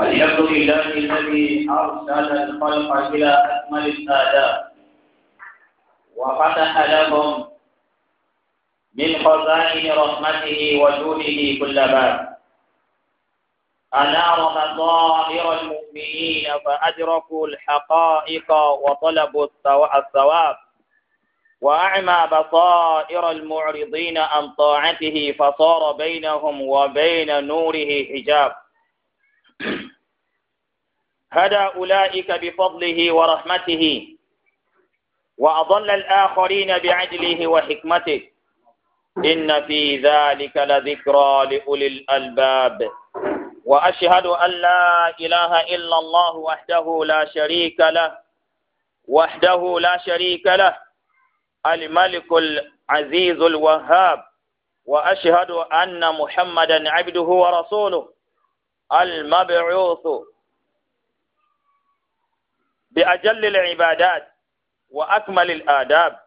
الحمد لله الذي أرسل الخلق إلى أكمل السادات وفتح لهم من خزائن رحمته وجوده كل باب أنار مصائر المؤمنين فأدركوا الحقائق وطلبوا الثواب وأعمى بصائر المعرضين عن طاعته فصار بينهم وبين نوره حجاب هدى أولئك بفضله ورحمته وأضل الآخرين بعدله وحكمته إن في ذلك لذكرى لأولي الألباب وأشهد أن لا إله إلا الله وحده لا شريك له وحده لا شريك له الملك العزيز الوهاب وأشهد أن محمدا عبده ورسوله المبعوث بأجل العبادات وأكمل الآداب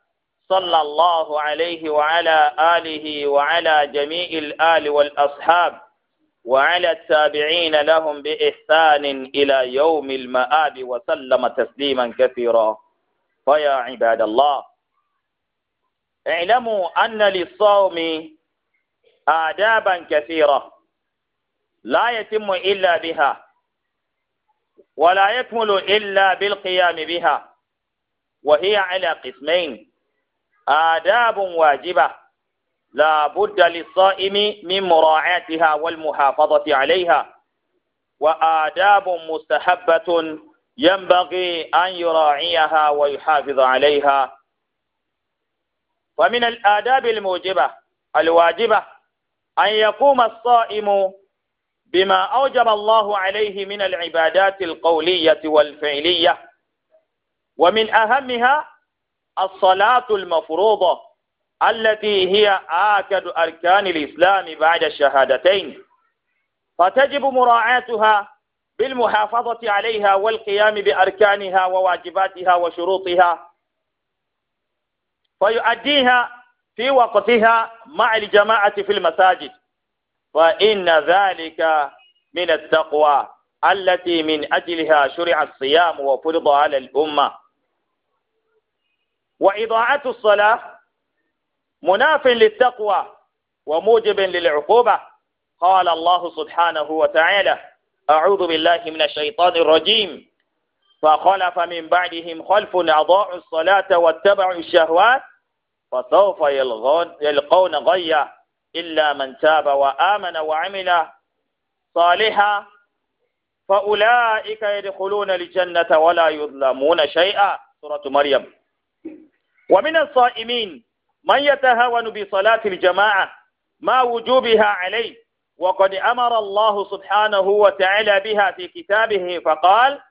صلى الله عليه وعلى آله وعلى جميع الآل والأصحاب وعلى التابعين لهم بإحسان إلى يوم المآب وسلم تسليما كثيرا فيا عباد الله اعلموا أن للصوم آدابا كثيرة لا يتم إلا بها ولا يكمل إلا بالقيام بها وهي على قسمين آداب واجبة لا بد للصائم من مراعاتها والمحافظة عليها وآداب مستحبة ينبغي أن يراعيها ويحافظ عليها ومن الآداب الموجبة الواجبة أن يقوم الصائم بما أوجب الله عليه من العبادات القولية والفعلية ومن أهمها الصلاة المفروضة التي هي آكد أركان الإسلام بعد الشهادتين فتجب مراعاتها بالمحافظة عليها والقيام بأركانها وواجباتها وشروطها فيؤديها في وقتها مع الجماعة في المساجد فإن ذلك من التقوى التي من أجلها شرع الصيام وفرض على الأمة وإضاعة الصلاة مناف للتقوى وموجب للعقوبة قال الله سبحانه وتعالى أعوذ بالله من الشيطان الرجيم فخلف من بعدهم خلف أضاعوا الصلاة واتبعوا الشهوات فسوف يلقون غيا إلا من تاب وآمن وعمل صالحا فأولئك يدخلون الجنة ولا يظلمون شيئا سورة مريم ومن الصائمين من يتهاون بصلاة الجماعة ما وجوبها عليه وقد أمر الله سبحانه وتعالى بها في كتابه فقال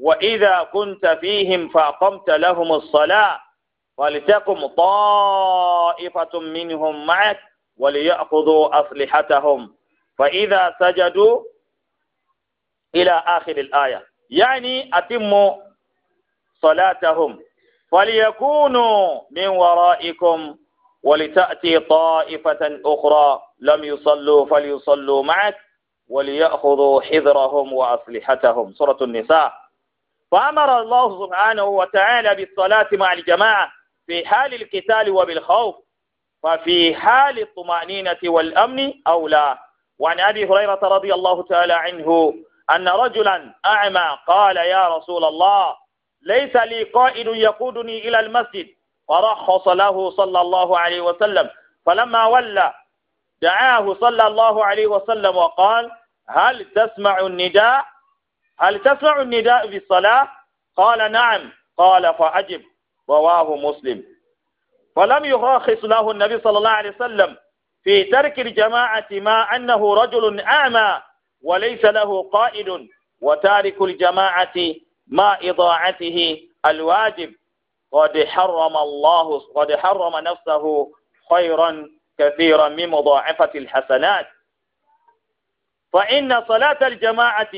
وإذا كنت فيهم فأقمت لهم الصلاة فلتقم طائفة منهم معك وليأخذوا أسلحتهم فإذا سجدوا إلى آخر الآية يعني أتموا صلاتهم فليكونوا من ورائكم ولتأتي طائفة أخرى لم يصلوا فليصلوا معك وليأخذوا حذرهم وأسلحتهم سورة النساء فأمر الله سبحانه وتعالى بالصلاة مع الجماعة في حال القتال وبالخوف ففي حال الطمأنينة والأمن أولى وعن أبي هريرة رضي الله تعالى عنه أن رجلا أعمى قال يا رسول الله ليس لي قائد يقودني إلى المسجد فرخص له صلى الله عليه وسلم فلما ولى دعاه صلى الله عليه وسلم وقال هل تسمع النداء هل تسمع النداء بالصلاة قال نعم قال فأجب رواه مسلم فلم يراخص له النبي صلى الله عليه وسلم في ترك الجماعة ما أنه رجل أعمى وليس له قائد وتارك الجماعة ما إضاعته الواجب قد حرم الله قد حرم نفسه خيرا كثيرا من مضاعفة الحسنات فإن صلاة الجماعة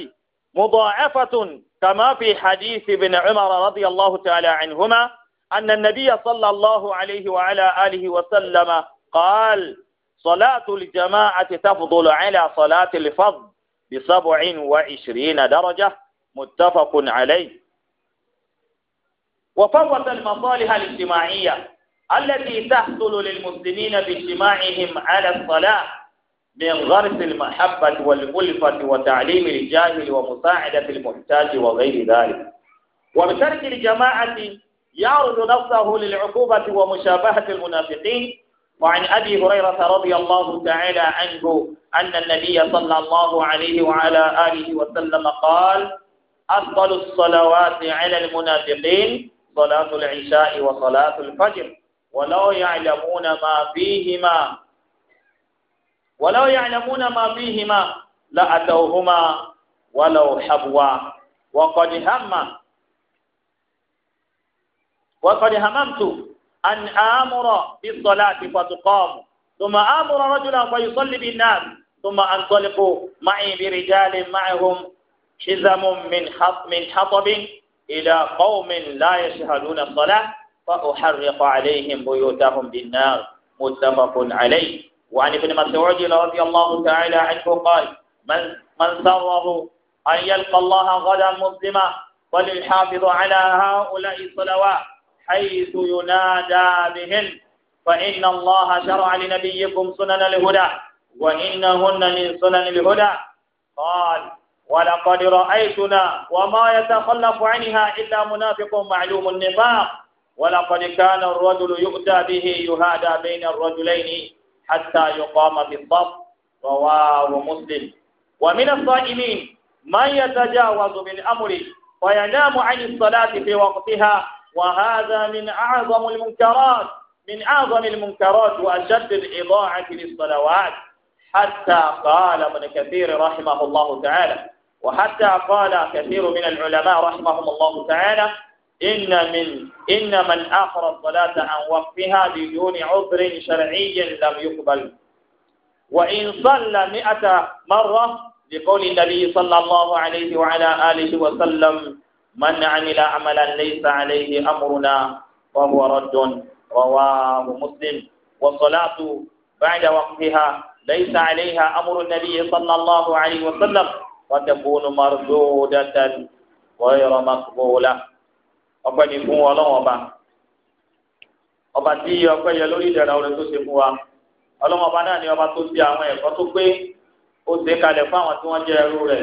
مضاعفة كما في حديث ابن عمر رضي الله تعالى عنهما أن النبي صلى الله عليه وعلى آله وسلم قال صلاة الجماعة تفضل على صلاة الفضل بسبع وعشرين درجة متفق عليه وفوت المصالح الاجتماعية التي تحصل للمسلمين باجتماعهم على الصلاة من غرس المحبة والألفة وتعليم الجاهل ومساعدة المحتاج وغير ذلك وبترك الجماعة يعرض نفسه للعقوبة ومشابهة المنافقين وعن أبي هريرة رضي الله تعالى عنه أن النبي صلى الله عليه وعلى آله وسلم قال أفضل الصلوات على المنافقين صلاة العشاء وصلاة الفجر ولو يعلمون ما فيهما ولو يعلمون ما فيهما لأتوهما ولو حبوا وقد هم وقد هممت أن آمر بالصلاة فتقام ثم آمر رجلا فيصلي بالناس ثم أنطلق معي برجال معهم حزم من حط من حطب إلى قوم لا يشهدون الصلاة فأحرق عليهم بيوتهم بالنار متفق عليه وعن ابن مسعود رضي الله تعالى عنه قال من من سره أن يلقى الله غدا مسلما فليحافظ على هؤلاء الصلوات حيث ينادى بهن فإن الله شرع لنبيكم سنن الهدى وإنهن من سنن الهدى قال ولقد رأيتنا وما يتخلف عنها إلا منافق معلوم النفاق ولقد كان الرجل يؤتى به يهادى بين الرجلين حتى يقام بالضبط رواه مسلم ومن الصائمين من يتجاوز من أمره وينام عن الصلاة في وقتها وهذا من أعظم المنكرات من أعظم المنكرات وأشد الإضاعة للصلوات حتى قال ابن كثير رحمه الله تعالى وحتى قال كثير من العلماء رحمهم الله تعالى إن من إن من آخر الصلاة عن وقتها بدون عذر شرعي لم يقبل وإن صلى مئة مرة لقول النبي صلى الله عليه وعلى آله وسلم من عمل عملا ليس عليه أمرنا فهو رد رواه مسلم والصلاة بعد وقتها ليس عليها أمر النبي صلى الله عليه وسلم وتكون مردودة غير مقبولة ọpẹ́ ní fún Ọlọ́run ọba ọba tí ọpẹ́ yẹ lórí ìdẹ̀ra orin tó ṣe fún wa Ọlọ́run ọba náà ni ọba tó ṣe àwọn ẹ̀kọ́ tó pé ó ṣe kalẹ̀ fún àwọn tí wọ́n jẹ́ ẹrú rẹ̀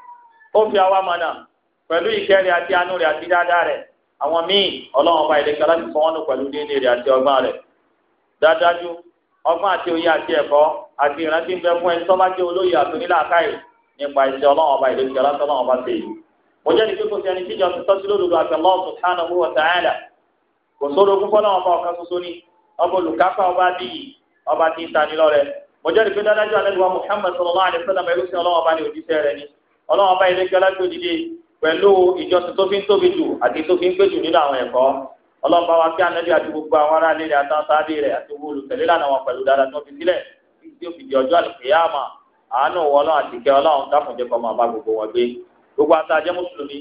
ó fi àwa mọ̀nà pẹ̀lú ìkẹ́ rẹ̀ àti àánú rẹ̀ àti dáadáa rẹ̀ àwọn míì ọlọ́run ọba ìlẹ́kẹ́ láti fọ́ wọn nù pẹ̀lú déédéé rẹ̀ àti ọgbọ́n rẹ̀ dáadájú ọgbọ́n àti òye àti ẹ̀kọ́ àti ìrántí ń bẹ fún ẹni tọ́ba jẹ́ olóye àtúníláàkáyè nípa iṣẹ́ ọlọ́run ọba ìlẹ́kẹ́ láti ọlọ́run ọba ṣe yìí mo jẹ́ kò sí ẹni tíjọ ti tọ́sí lódodo àti Allah ọba mo alẹ́ wa ni ọlọ́run ọba ilé kíọ́lá tó dìde pẹ̀lú ìjọsìn tó fi ń tóbi jù àti tó fi ń pé jù nínú àwọn ẹ̀kọ́ ọlọ́run bá wa kí anábì àti gbogbo àwọn ará ilé rẹ̀ àtàwọn sáré rẹ̀ àti owó olùtẹ̀lé lànà wọn pẹ̀lú dáadáa tó fi sílẹ̀ tí ó fi di ọjọ́ àlùkìyàmà àánú wọ ọlọ́run àti ìkẹ́ ọlọ́run dákùnjẹ́ kọ́ máa bá gbogbo wọn gbé gbogbo ata jẹ́ mùsùlùmí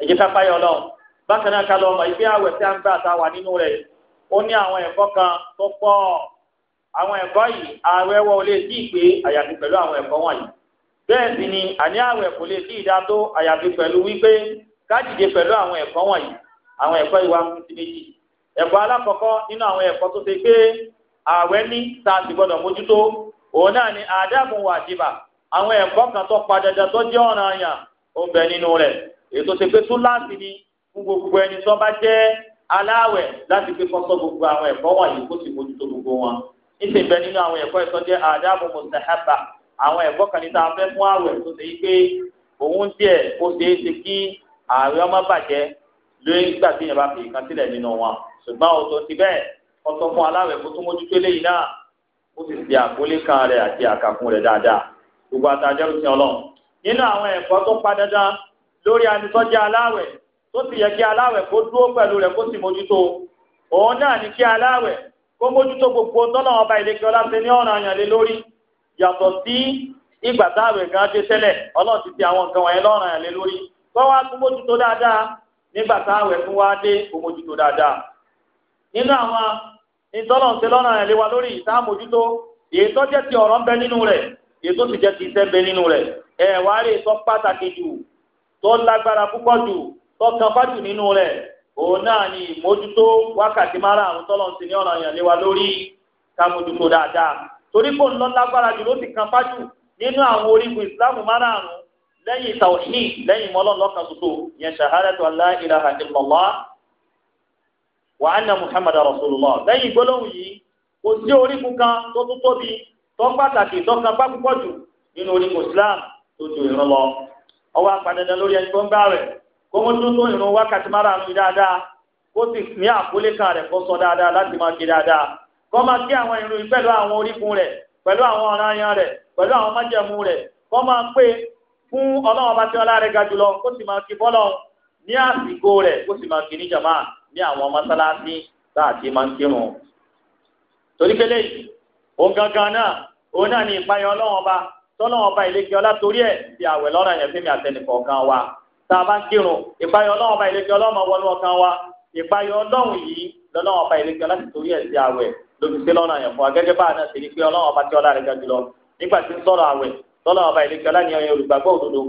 ẹ jẹ́ ká páyọ̀ ọlọ́run bákan náà ká lọ a ń gbà tá a wà nínú rẹ̀ ó ní àwọn ẹ̀kọ́ kan tó pọ̀ àwọn ẹ̀kọ́ yìí àwẹ̀ wọ olè sí ìpè àyàfi bẹ́ẹ̀ sì ni àní àwẹ̀ kò lè sí ìdá tó àyàfi pẹ̀lú wípé kájíde pẹ̀lú àwọn ẹ̀kọ́ wọ̀nyí àwọn ẹ̀kọ́ ìwà fúnti méjì ẹ̀kọ́ alákọ̀ọ́kọ́ nínú àwọn ẹ̀kọ́ tó ṣe pé àwẹ̀ ní tá a sì gbọ́dọ̀ mójútó òun náà ni àdáàbò wàjibà àwọn ẹ̀kọ́ kan tó pa dandan tó jẹ́ ọ̀ranyàn ó ń bẹ nínú rẹ̀ èyí tó ṣe pé túláàsì ni fún gbogbo ẹni tó bá jẹ́ aláwẹ̀ láti pé kọ́sọ́ gbogbo àwọn ẹ̀kọ́ wọ̀nyí kó sì mójútó gbogbo wọn níṣẹ́ ìbẹ nínú àwọn ẹ̀kọ́ ìtọ́jẹ́ àwọn ẹ̀kọ́ kan ní tá a fẹ́ mú àwẹ̀ tó ṣe yí pé òun díẹ̀ ó ṣeé ṣe kí ààrẹ ọmọ bàjẹ́ lórí nígbà tí yẹn bá fi ìkan sílẹ̀ nínú wọn ṣùgbọ́n ọ̀tọ̀ ti bẹ́ẹ̀ ọ̀tọ̀ fún aláwẹ̀ kó tún mójútó léyìí náà ó sì ṣe àkólé kan rẹ̀ àti àkàkùn rẹ̀ dáadáa gbogbo àtàjọ́rù sí ọlọ́run nínú àwọn ẹ̀kọ́ tó pa dandan lórí anitọ́jẹ́ aláwẹ̀ tó sì yẹ kí aláwẹ̀ kó dúró pẹ̀lú rẹ̀ kó sì mójútó òun náà ní kí aláwẹ̀ kó mójútó gbogbo tọ́lọ́wọ́n ọba ìlẹ́kẹ́ ọlá ṣe ní ọ̀ràn àyàn yàtọ̀ sí ìgbà táwẹ̀ gan dé sẹ́lẹ̀ ọlọ́run ti ti àwọn nǹkan wọ̀nyẹn lọ́rùn àyànlẹ́ lórí wọ́n wá tún mójútó dáadáa nígbà táwẹ̀ fún wa dé kó mójútó dáadáa nínú àwọn ìtọ́lọ̀nsẹ́ lọ́rùn àyànlẹ́ wa lórí ìta mójútó èyí tó jẹ́ ti ọ̀rọ̀ ń bẹ nínú rẹ̀ èyí tó sì jẹ́ ti iṣẹ́ bẹ nínú rẹ̀ ẹ̀ wá rí ìtọ́ pàtàkì jù tó lágbára púpọ̀ jù tó kan fájù nínú rẹ̀ òun náà ni ìmójútó wákàtí márùn-ún tọ́lọ̀nsẹ́ ní ọ̀rọ̀ àyànlẹ́ lórí ká dáadáa torí kò ń lọ lágbára jù ló ti kan pájú nínú àwọn orígun ìsìláàmù márààrún lẹ́yìn tawhid lẹ́yìn mọ́lọ́n lọ́kàn ṣoṣo yẹn shahadatu an la ilaha illallah wa anna muhammad rasulullah lẹ́yìn gbólóhùn yìí kò sí orígun kan tó tún tóbi tó pàtàkì tó kan bá púpọ̀ jù islam tó ju ìrun lọ ọwọ́ lórí ẹni tó ń bá rẹ̀ kó wákàtí márààrún dáadáa kó sì ní àkólé kan rẹ̀ kó sọ dáadáa kọ́ máa kí àwọn ìròyìn pẹ̀lú àwọn orígun rẹ̀ pẹ̀lú àwọn ọ̀ranyàn rẹ̀ pẹ̀lú àwọn májẹ̀mú rẹ̀ kọ́ máa pé fún ọlọ́run bá tí ọlá rẹ̀ ga jùlọ kó sì máa kí fọ́lọ́run ní àsìkò rẹ̀ kó sì máa kí ní jàmá ní àwọn mọ́sálásí tá a ti máa ń kírun. torí pé léyìí òun gangan náà òun náà ní ìpayọ̀ ọlọ́run ọba tọ́lọ́run ọba ìlẹ́kẹ́ ọlá torí ẹ̀ ti àwẹ̀ lọ́rọ̀ yẹn fẹ́mi àtẹnìkọ̀ọ̀kan ìpayọ̀ ọlọ́run yìí lọ́lọ́run ọba ìlẹ́kẹ́ ọlá ti torí ẹ̀ ti àwẹ̀ ló fi sí lọ́nà àyànfọ́ agẹ́gẹ́ bá àná sèrí pé ọlọ́run ọba tí ọlá rẹ̀ ga jùlọ nígbà tí ń sọ̀rọ̀ àwẹ̀ tọ́lọ́ ọba ìlẹ́kẹ́ ọlánìyàn yẹn olùgbàgbọ́ òdodo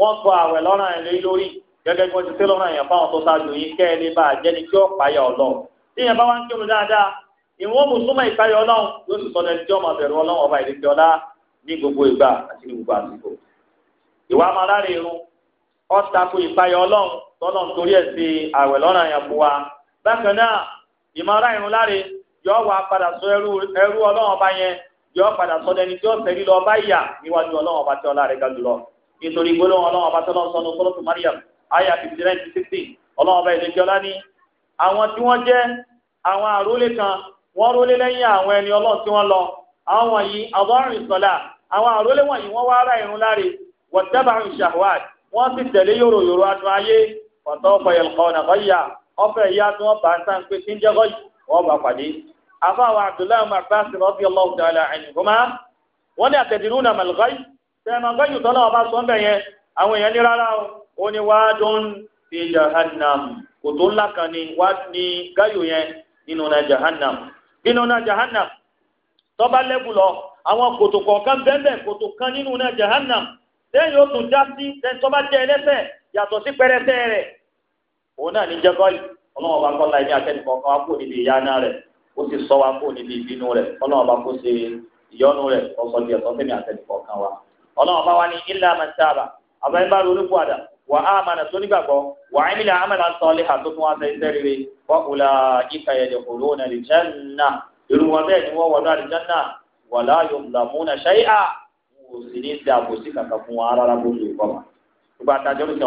wọ́n sọ àwẹ̀ lọ́nà àyàn lórí gẹ́gẹ́ bí wọ́n ti sí lọ́nà àyàn fáwọn tó ṣáájú yìí kẹ́ ẹ lè bá àjẹni tí ó payà ọlọ́run tí yẹn bá wá ń kírun dáadáa ìwọ́n mùsùlùmọ́ ìpayà ọlọ́run yóò sì sọdẹ tí ọmọ bẹ̀rù ọlọ́run ọba ìlẹ́kẹ́ ọlá ní gbogbo bákan náà ìmọ̀ ara irun láre yọ wà padà sọ ẹrú ẹrú ọlọ́run ọba yẹn yọ padà sọ dẹni tí ó tẹ̀lé lọ bá yà níwájú ọlọ́run ọba tí ọlá rẹ̀ ga jùlọ nítorí gbólóhùn ọlọ́run ọba tí ọlọ́run sọnù sọ́lọ́tù Mariam aya fifty nine to sixty ọlọ́run ọba ìlẹ́jọ́ lá ní àwọn tí wọ́n jẹ́ àwọn àrólé kan wọ́n rólé lẹ́yìn àwọn ẹni ọlọ́run tí wọ́n lọ àwọn wọ̀nyí àbọ̀rìn sọ̀lá àwọn àrólé wọ̀nyí wọ́n wá ara ìrun láre wọ̀tẹ́bàrún ṣàwád wọ́n sì tẹ̀lé yòrò àfàwọn abdullahi ibn abbas radiyallahu ta'ala anhuma wọ́n ní àtẹ̀dínlúnà màlúgáyì tẹ̀mọ̀ gbẹ́yìn tọ́lá ọba sọ bẹ́ẹ̀ yẹn àwọn èèyàn ní rárá o ni ní wádùn fi jahannam kò tó ńlá kan ní wá ní gáyò yẹn nínú na jahannam nínú na jahannam tọ́ba lẹ́bù lọ àwọn kòtò kọ̀ọ̀kan bẹ́ẹ̀ kòtò kan nínú jahannam lẹ́yìn ó sì sọ wa kó níbi ìbínú rẹ̀ ọlọ́run ọba kó ṣe ìyọ́nú rẹ̀ ọ̀sọ̀ di ẹ̀sọ́ fẹ́mi àtẹnìkọ̀ kan wa ọlọ́run ọba wa ní ilá mẹ́tàbà àbá ń bá ronú fún wà á àmàlà tó nígbàgbọ́ wà á nílẹ̀ àmàlà sọ́ọ́lì àtúntún wa sẹ́yìn sẹ́rìrì wọ́n kò ìka ẹ̀jẹ̀ kò lóun ẹ̀rì jẹ́nà irú wọn bẹ́ẹ̀ ni wọ́n wọ̀ lọ́ọ̀rì jẹ́nà wà láàyò làmúnà ṣẹ́yà kò sì ní ti àbòsí kàkà fún wa rárá bó ṣe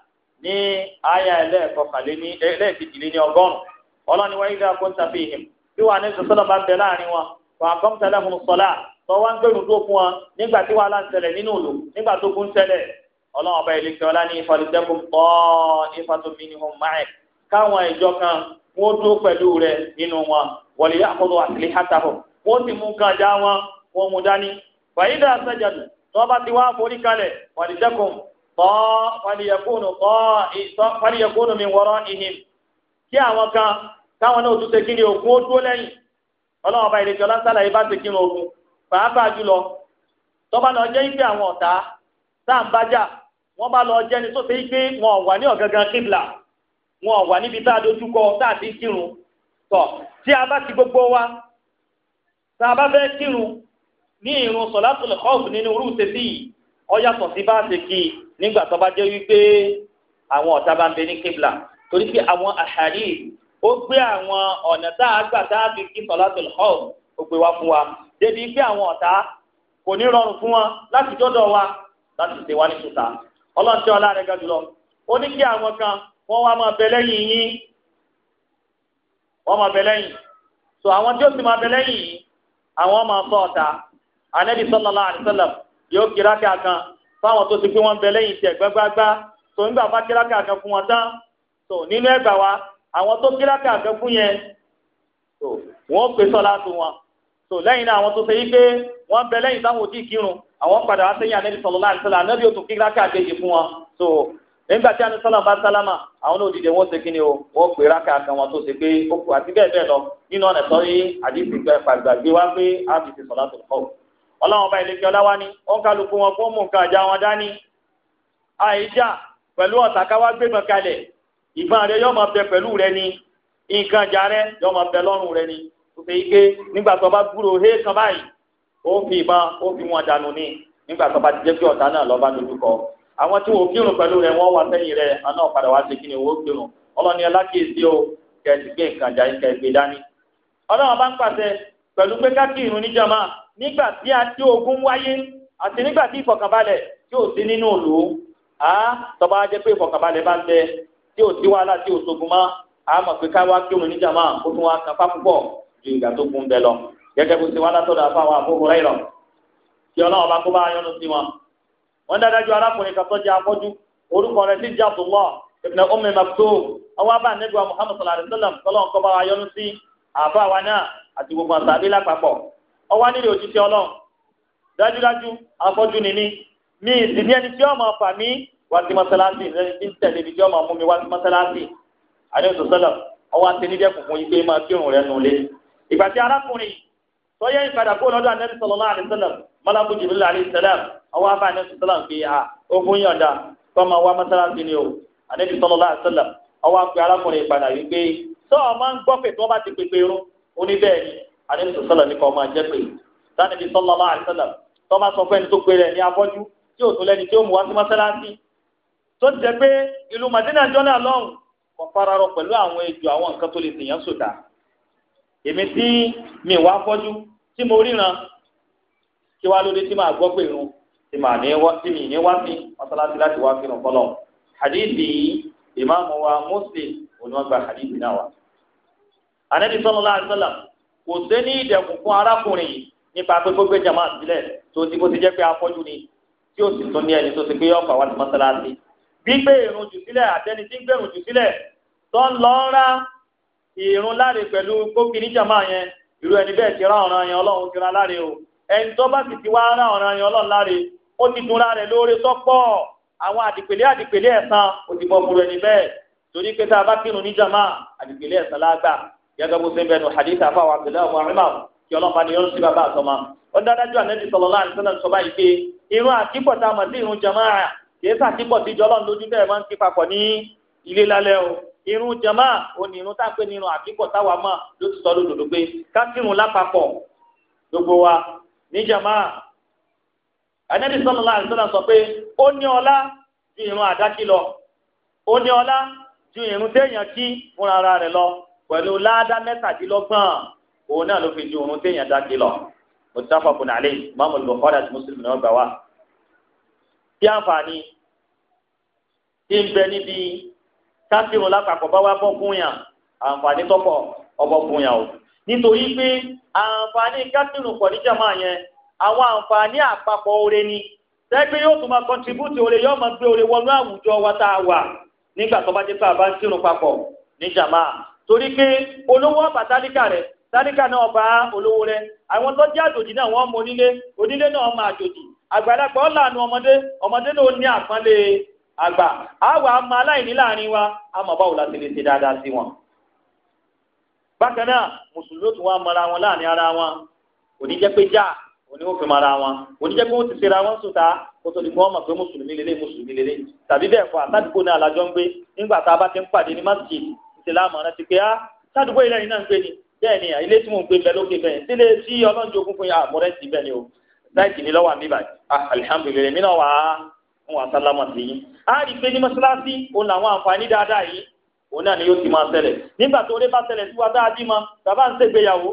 ní àyà ẹlẹ́ẹ̀kọkànléní ẹlẹ́ẹ̀kejìléní ọgọ́rùn ọlọ́ni wa ìdá kó ń ta fi hìm bí wàá ní sọ́sọ́lọ́ bá ń láàrin wọn wà á kọ́m sọ́lá tó wá ń gbẹ̀rù fún wa nígbà tí wàhálà ń nínú ìlú nígbà tó kún ọba ìlú ní ìfọ̀lùsẹ́kùn ni wọ́n máa ẹ̀ fàlìyàkónù mi nwọrọ ìhìn kí àwọn ka káwọn na otu ṣe ni òkun ó dúró lẹ́yìn ọlọ́run ọba ìrètí ọlásàlàyé bá ṣe kí ni òkun pàápàá jùlọ tọ́ba lọ jẹ́ wọ́n bá lọ jẹ́ni tó ṣe pé wọn wà ní ọ̀gángan kíbla wọn wà níbi tá a gbogbo wa tá a bá fẹ́ kírun ní ó yàtọ̀ sí bá a ṣe kí i nígbà tó bá jẹ́ wípé àwọn ọ̀tá bá ń bẹ ní kébìlà torí pé àwọn àhàrí ó gbé àwọn ọ̀nà tá a gbà tá a fi kí sọ̀látùl khawf ó gbé wá fún wa débi pé àwọn ọ̀tá kò ní rọrùn fún wọn láti jọ́dọ̀ wa láti ṣe wá ní ṣùtà ọlọ́run tí ọlá rẹ̀ ga jùlọ ó ní kí àwọn kan wọ́n wá máa bẹ lẹ́yìn yín wọ́n máa bẹ lẹ́yìn so àwọn tí ó sì máa bẹ lẹ́yìn yìí àwọn máa sọ ọ̀tá ànábì sallallahu yóò kí rákà kan fáwọn tó ti pé wọ́n bẹ lẹ́yìn tiẹ̀ gbágbágbá tó nígbà bá kí rákà kan fún wọn tán tó nínú ẹgbà wa àwọn tó kí rákà kan fún yẹn tó wọ́n pè sọ́lá tó wọn tó lẹ́yìn náà àwọn tó ṣe yí pé wọ́n bẹ lẹ́yìn táwọn òdì kírun àwọn padà wá sẹ́yìn ànábì sọ̀rọ̀ láti sọ̀rọ̀ ànábì ó tún kí rákà kejì fún wọn tó nígbà tí anusala bá sálámà àwọn náà dìde wọn ṣe kí ni o wọn pè rákà kan wọn tó ṣe pé ó kù àti bẹ́ẹ̀ bẹ́ẹ̀ lọ nínú ọ̀nà sọ́rí àdìsí gbàgbé wá pé àbìsí sọ̀lá tó kọ́ ọlọ́run ọba ìlẹ́kẹ́ ọláwá ni ó ń kálukú wọn kó mú nǹkan wọn dání pẹ̀lú gbẹ̀gbọ̀n kalẹ̀ ìbọn rẹ yọ máa bẹ pẹ̀lú rẹ ni nǹkan rẹ yọ máa bẹ rẹ ni tó ike nígbà tó bá gbúrò hé kan báyìí ó fi ìbọn ó fi wọn dànù ni nígbà tó bá ti jẹ́ ọ̀tá àwọn tí kírun rẹ sẹ́yìn rẹ padà wá sí o nígbà tí a tí ogun wáyé àti nígbà tí ìfọ̀kànbalẹ̀ tí ò sí nínú ìlú a tọba jẹ pé ìfọ̀kànbalẹ̀ bá ń bẹ tí ò sí wàhálà tí ò sógun mọ́ a mọ̀ pé ká wá kírun níjàmá ó tún wá kan fápúpọ̀ ju ìgbà tó gun bẹ lọ gẹ́gẹ́ bó ṣe wá látọ̀dọ̀ àfáwọn àbúrò rẹ̀ lọ kí ọlọ́run bá kó bá yọ́nú sí wọn wọ́n dájú arákùnrin kan tó jẹ́ afọ́jú orúkọ rẹ̀ sí jàdùlọ́ ìbìnà ọmọ ìmàkútó ọwọ́ abá nẹ́gbẹ̀ẹ́ muhammed alayhi wa sallam ọwọ́ nílé òjíṣẹ́ ọlọ́run dájúdájú afọ́jú ni mí mi ìsìn ní ẹni tí ọmọ fà mí wá sí mọ́sálásì ẹni tí ń tẹ̀lé ibi tí ọmọ mú mi wá sí mọ́sálásì àdéhùn sọ́lọ̀ ọwọ́ àti nídẹ́kùn fún ipe máa kírun rẹ̀ nù lé ìgbà tí arákùnrin tọ́yẹ́ ìpadà kó lọ́dọ̀ Ànábì sallallahu alaihi wasallam malaku Jibril alaihi salam ọwọ́ afá Ànábì sallallahu fi hà ogun yọ̀ǹda kọ́mọ wa mọ́sálásì ni o Ànábì sallallahu alaihi wasallam ọwọ́ àpè arákùnrin ìpadà wípé sọ́ọ̀ máa ń gbọ́ pé tí wọ́n bá ti pèpè irun oníbẹ̀ẹ́ ni àdébí sọ̀sọ́lọ̀ ní kọ́ ọmọ ajẹ́ pé sanabi sọlọ́lá àdìsọ́lọ̀ tó máa sọ fẹ́ni tó pé rẹ̀ ní afọ́jú tí ò tún lẹ́ni tí ó mú wá sí mọ́sálásí tó ti jẹ́ pé ìlú Madina jọ́nà lọ́hùn kò fararọ pẹ̀lú àwọn ejò àwọn nǹkan tó lè tèèyàn sòdà èmi tí mi wá fọ́jú tí mo ríran kí wá lóde tí màá gbọ́ pé irun tí màá ní wá tí mi ní wá sí mọ́sálásí láti wá fi ràn fọlọ́ hadithi ìmáàmù wa Muslim òní gba hadithi náà wa. anabi sallallahu alaihi wasallam kò sí ní ìdẹ̀kùn fún arákùnrin yìí nípa pé kó gbé jama sílẹ̀ tó ti kó ti jẹ́ pé afọ́jú ni tí ó sì tún ní ẹni tó ti gbé ọkọ̀ wá sí mọ́sálásí gbígbé ìrun jù sílẹ̀ àtẹni tí ń gbẹ̀rùn jù sílẹ̀ tó ń lọ rá ìrun láre pẹ̀lú kókìní jama yẹn irú ẹni bẹ́ẹ̀ ti rá ọ̀ràn yẹn ọlọ́run ti ra láre o ẹni tó bá sì ti wá rá ọ̀ràn yẹn ọlọ́run láre ó ti dun láre lóore tó àwọn àdìpèlé àdìpèlé ẹ̀san ó ti bọ́ fúru ẹni bẹ́ẹ̀ torí pé tá a bá kírun ní jama àdìpèlé ẹ̀san lágbà gẹ́gẹ́ bó ṣe ń bẹnu hadith afa wa abdullahi wa umar kí ọlọ́pàá ni yọrù sí bàbá àtọmọ ó dájú ànẹ́bí sallallahu alaihi wasallam sọ báyìí pé irun àkípọ̀ tá a mọ̀ sí irun jamaa kìí sàkípọ̀ sí jọlọ́ lójú tẹ́ ẹ máa ń kí papọ̀ ní ilé lálẹ́ o irun jamaa ò ní irun táǹpé ní irun àkípọ̀ táwa mọ̀ ló ti sọ lódodo pé kákírun lápapọ̀ gbogbo wa ní jamaa ànẹ́bí sallallahu alaihi sọ pé ó ní ọlá ju irun àdákí ó ní ọlá ju irun téèyàn kí fúnra rẹ̀ lọ pẹ̀lú láàdá mẹ́tàdínlọ́gbọ̀n òun náà ló fi ju oorun téèyàn dákì lọ muttafaqun alayhi Imam al-Bukhari àti Muslim náà gbà wá. tí àǹfààní tí ń bẹ níbi káfíìrún lápapọ̀ bá wá bọ́ fún yàn àǹfààní tọ́pọ̀ ọbọ̀ fún yàn o nítorí pé àǹfààní káfíìrún pọ̀ níjàmá yẹn àwọn àǹfààní àpapọ̀ oore ni sẹ́gbẹ́ yóò tún máa kọ́ntribútì oore yóò máa gbé oore wọnú àwùjọ wa tá a wà nígbà tó bá dé pé a ń kírun papọ̀ níjàmá torí pé olówó ọ̀bà tálíkà rẹ̀ tálíkà náà bá olówó rẹ̀ àwọn tó jẹ́ àjòjì náà wọ́n mọ onílé onílé náà mọ àjòjì àgbàlagbà ọ̀làánú ọmọdé ọmọdé ló ní àpọ́nlé àgbà àwa àmọ́ aláìní láàrin wa àmọ́ báwo la ti lè ṣe dáadáa sí wọn. bákan náà mùsùlùmí ó tún wá mọra wọn láàrin ara wọn òní jẹ́ pé já òní ó fi mọra wọn òní jẹ́ pé ó ti ṣera wọn sùta kó tó di pé wọ́n pé mùsùlùmí lélẹ̀ mùsùlùmí lélẹ̀ tàbí bẹ́ẹ̀ kọ́ àtàdúgbò náà lájọ ń gbé nígbà tá a bá ti ń pàdé ní masjid ìsìlámù ọ̀nà ti pé á ah, sádùúgbò ilẹ̀ yìí ń gbé ni bẹ́ẹ̀ ni ilé tí mò ń gbé bẹ́ẹ̀ lókè bẹ́ẹ̀ sílé tí ọlọ́run jogún fún yà á mọ̀rẹ́ bẹ́ẹ̀ ni o láìsí mi lọ́wọ́ àmì báyìí ah, alihamudulilayi mi náà wà á ń wà sálámà sí yín á rí i pé ní mọ́ṣáláṣí òun làwọn àǹfààní dáadáa yìí òun náà ni yóò ti máa ṣẹlẹ̀ nígbà tó lé bá ṣẹlẹ̀ sí wa tá a bí mọ bàbá ń ṣègbéyàwó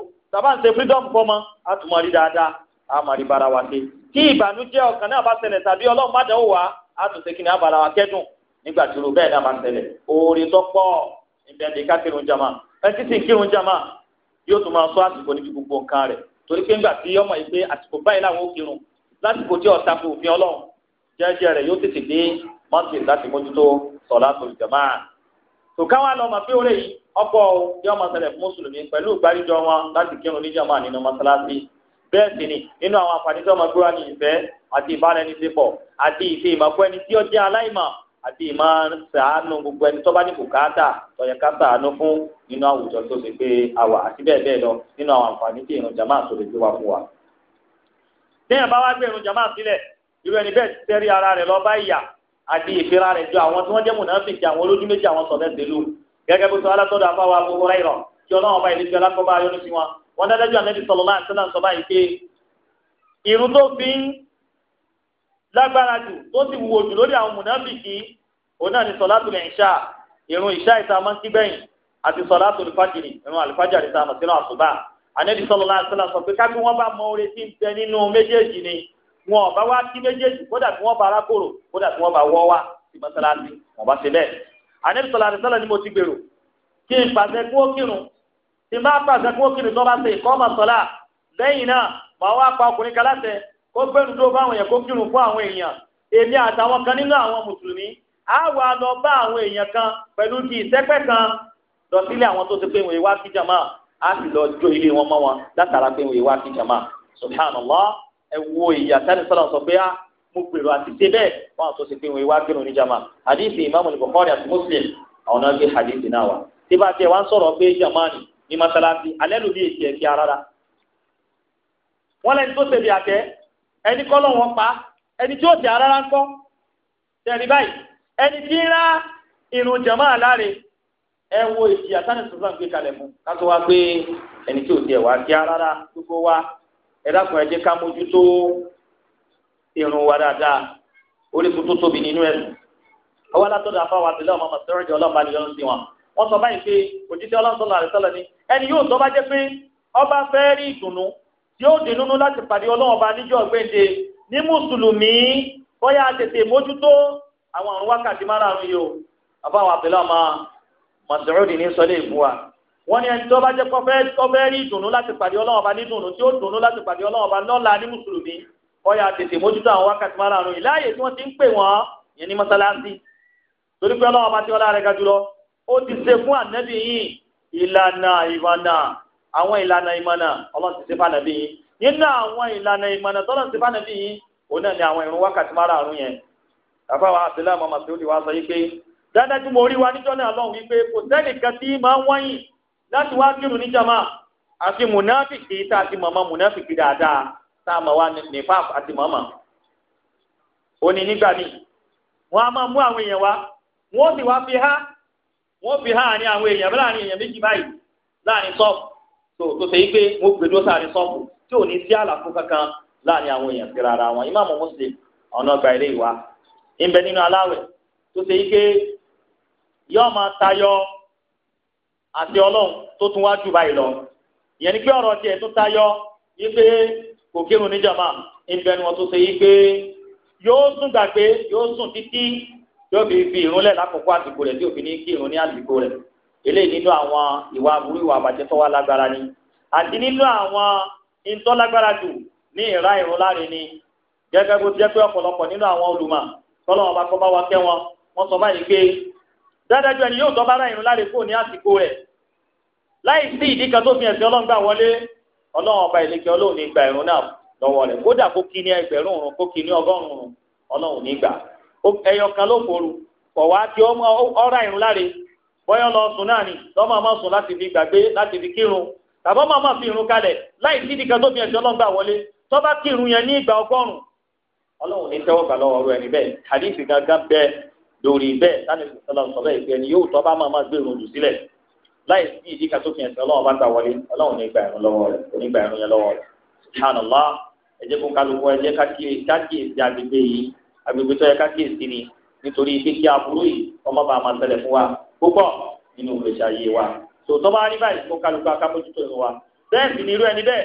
ń ṣe freedom fọmọ á tún máa rí dáadáa á máa rí bara wa ṣe kí ìbànújẹ́ ọkàn náà bá ṣẹlẹ̀ tàbí ọlọ́run má dánwò wá á tún ṣe kí ni á bara wa kẹ́dùn nígbà tí irú náà bá ṣẹlẹ̀ oore tó pọ̀ ìbẹ̀ndì ká kírun jama ẹ títí kírun jama yóò tún máa sọ àsìkò níbi gbogbo nǹkan rẹ̀ torí pé ńgbà tí ọmọ yìí pé àsìkò báyìí làwọn ó kírun lásìkò tí ọ̀tá kò fi ọlọ́run jẹ́jẹ́ rẹ̀ yóò tètè dé mọ́tì láti mójútó sọ̀lá tó jama. tòká wa lọ mà pé orí yìí ọ̀pọ̀ yóò máa ṣẹlẹ̀ fún mùsùlùmí pẹ̀lú ìgbàlejò wọn láti kírun ní jama nínú mọ́sálásí bẹ́ẹ̀ sì ni nínú àwọn àǹfààní tó máa gbé wa ní ìfẹ́ àti ìbáraẹnisẹ́pọ̀ àti ìfẹ́ ìmọ̀kọ́ ẹni tí ó jẹ́ aláìmọ̀ àti ìmọ̀ ṣàánú gbogbo ẹni tó bá ní bùkátà tó yẹ ká ṣàánú fún nínú àwùjọ tó ṣe pé àwà àti bẹ́ẹ̀ bẹ́ẹ̀ lọ nínú àwọn àǹfààní tí ìrun jàmáà tó lè gbé wá fún wa. lẹ́yìn bá wá gbé ìrun jàmáà sílẹ̀ irú ẹni bẹ́ẹ̀ ti tẹ́rí ara rẹ̀ lọ bá ìyà àti ìfira rẹ̀ jọ àwọn tí wọ́n jẹ́ mùnàfíìkì àwọn olójú méjì àwọn sọ̀bẹ́ tẹ̀lú gẹ́gẹ́ bó sọ alátọ́dọ̀ afáwọ́ abúkọ rẹ̀ kí ọlọ́run bá ìlẹ́jọ́ alákọ̀ọ́bá yọnu òun náà ni sọ̀látù lè ń ṣá irun ìṣá ìta máa ń kí bẹ́yìn àti sọ̀látù olùfàjìrì irun àlùfàjàrì tá a mọ̀ sínú àṣùbà ànẹ́bí sọ̀lọ́ láti sọ̀lá sọ pé kábí wọ́n bá mọ oore tí ń bẹ nínú méjèèjì ni wọn ò bá wá kí méjèèjì kódà tí wọ́n bá arákòrò kódà tí wọ́n bá wọ́ wá sí mọ́sálásí wọn bá ṣe bẹ́ẹ̀ ànẹ́bí sọ̀lá àti sọ̀lá ni mo ti gbèrò kí n pàṣẹ kó kírun tí n pàṣẹ kó kírun tó bá ṣe ìkọ́mọ sọ̀lá lẹ́yìn náà màá wá pa ọkùnrin kan kó gbẹ́nu fáwọn èèyàn kó kírun fún àwọn èèyàn èmi àtàwọn kan nínú àwọn mùsùlùmí á wà lọ bá àwọn kan pẹ̀lú ti ìsẹ́pẹ́ kan lọ sílé àwọn tó ti pé wọn ìwà kí jama á sì lọ jó ilé wọn mọ́ wọn látara pé wọn ìwà kí jama subhanallah ẹ ìyá sani sọlá sọ pé á ah, mo gbèrò àti ṣe wọn tó ti pé wọn ìwà kí ní jama Muslim àwọn náà gbé hadithi náà tí bá tiẹ̀ sọ̀rọ̀ pé jama ni ní masalasi alẹ́ ló bí èsì ẹ̀ kí ara rà ẹni tí ń rá irun jama aláre ẹ wo èsì àtàní sọsọ gbé kátó wá ẹni tí ò wá kí wa ẹ dákun ká mójútó irun wa dáadáa orí tuntun tóbi nínú ẹ̀sìn ọwọ́ alátọ́dọ̀ afáwọn àtìlẹ́ ọmọ mọ̀sẹ́rẹ́jì ọlọ́ọ̀bá ni yọ̀ọ́ sí wọn sọ báyìí pé ni ẹni yóò tọ́ ọba fẹ́ rí ìdùnnú tí ó dì nínú láti pàdé níjọ́ ní mùsùlùmí àwọn àrùn wákàtí márààrún yìí o àbá àwọn àbẹ̀lẹ̀ ọmọ mọ̀tẹ́rọ́dì ní sọ́lẹ̀ ìfún wa wọ́n ní ẹni tó bá jẹ́ kọ́fẹ́ rí ìdùnnú láti pàdé ọlọ́run ọba ní ìdùnnú tí ó dùnnú láti pàdé ọlọ́run ọba lọ́la ní mùsùlùmí ọyà tètè mójútó àwọn wákàtí márààrún yìí láàyè tí wọ́n ti ń pè wọ́n yẹn ní mọ́sálásí torí pé ọlọ́run ọba tí ọlá rẹ̀ ga jùlọ ó ti ṣe fún ànẹ́bí yìí ìlànà ìmọ̀nà àwọn ìlànà ìmọ̀nà ọlọ́run ti ṣe fànàbí yìí nínú àwọn ìlànà ìmọ̀nà tọ́lọ́ ti fànàbí yìí òun náà ni àwọn ìrun wákàtí márààrún yẹn àfáwọn àtìlẹ́ àmọ́ màsíwòlì wa sọ yìí pé dáadáa tí mo rí wa níjọ́ náà lọ́hùn wípé kò sẹ́nìkan tí máa ń wáyìn láti wá kírun ní jama àti mùnáfìkì tá a ti mọ̀mọ́ mùnáfìkì dáadáa tá a mọ̀ wá nífàf àti mọ̀mọ́ ó ní nígbà míì wọ́n á máa mú àwọn èèyàn wá wọ́n sì wá fi há wọ́n fi há àárín àwọn èèyàn láàrin èèyàn méjì báyìí láàrin sọ́ọ̀pù tó tó ṣe yí pé gbé dó sáàrin sọ́ọ̀pù tí ò ní sí àlàfo kankan láàrin àwọn èèyàn sí rárá wọn ìmáàmù Muslim ọ̀nà ọgbà ilé ìwà ìbẹ nínú aláwẹ̀ tó ṣe ike yóò máa tayọ àti ọlọ́run tó tún wá jù báyìí lọ ìyẹn ni pé ọ̀rọ̀ tiẹ̀ tó tayọ wípé kò kírun níjàmbá ìbẹ ni wọn tó ṣe ike yóò sùn gbàgbé yóò sùn títí yóò fi fi ìrun lẹ̀ lákòókò àsìkò rẹ̀ tí òfin ní kí ní àsìkò rẹ̀ eléyìí nínú àwọn ìwà burú ìwà àbàjẹ́ tó wà lágbára ni àti nínú àwọn ìtọ́lágbára jù ní ìrá ìrun láre ni gẹ́gẹ́ bó ti jẹ́ pé ọ̀pọ̀lọpọ̀ nínú àwọn olùmọ̀ tọ́lọ́wọ́n bá kọ́ bá wa kẹ́ wọ́n sọ báyìí pé dáadájú ẹni yóò dọ́bára ìrun láre kó ní àsìkò rẹ̀ láì sí ìdí kan tó fi ẹ̀sìn wọlé ọlọ́run ọba ìlẹ́kẹ̀ ọlọ́run ní gba ìrun náà lọ́wọ́ rẹ̀ kódà kó kí ní ẹgbẹ̀rún òrùn kó kí ní ọgọ́rùn òrùn ọlọ́run ní gbà ẹyọ lọ náà ọlọ́run ní tẹ́wọ́ gbà lọ́wọ́ ọ̀rọ̀ ẹni bẹ́ẹ̀ hadith gangan bẹ́ẹ̀ lórí bẹ́ẹ̀ sani sọlá sọ bẹ́ẹ̀ pé ẹni yóò tọ́ bá máa máa gbé ìrònú sílẹ̀ láì sí ìdí kan tó fi ẹ̀sìn ọlọ́run bá gbà wọlé ọlọ́run ní gbà ẹ̀rún lọ́wọ́ rẹ̀ onígbà ẹ̀rún subhanallah ẹ jẹ́ kó kálukú ẹ jẹ́ kákíyèsí agbègbè yìí agbègbè tó yẹ kákíyèsí ni nítorí pé kí aburú yìí ọmọ bá máa tẹlẹ fún wa púpọ̀ nínú ìgbésí ayé wa tòótọ́ bá rí báyìí kó kálukú akábójútó ìwà bẹ́ẹ̀ sì ni irú ẹni bẹ́ẹ̀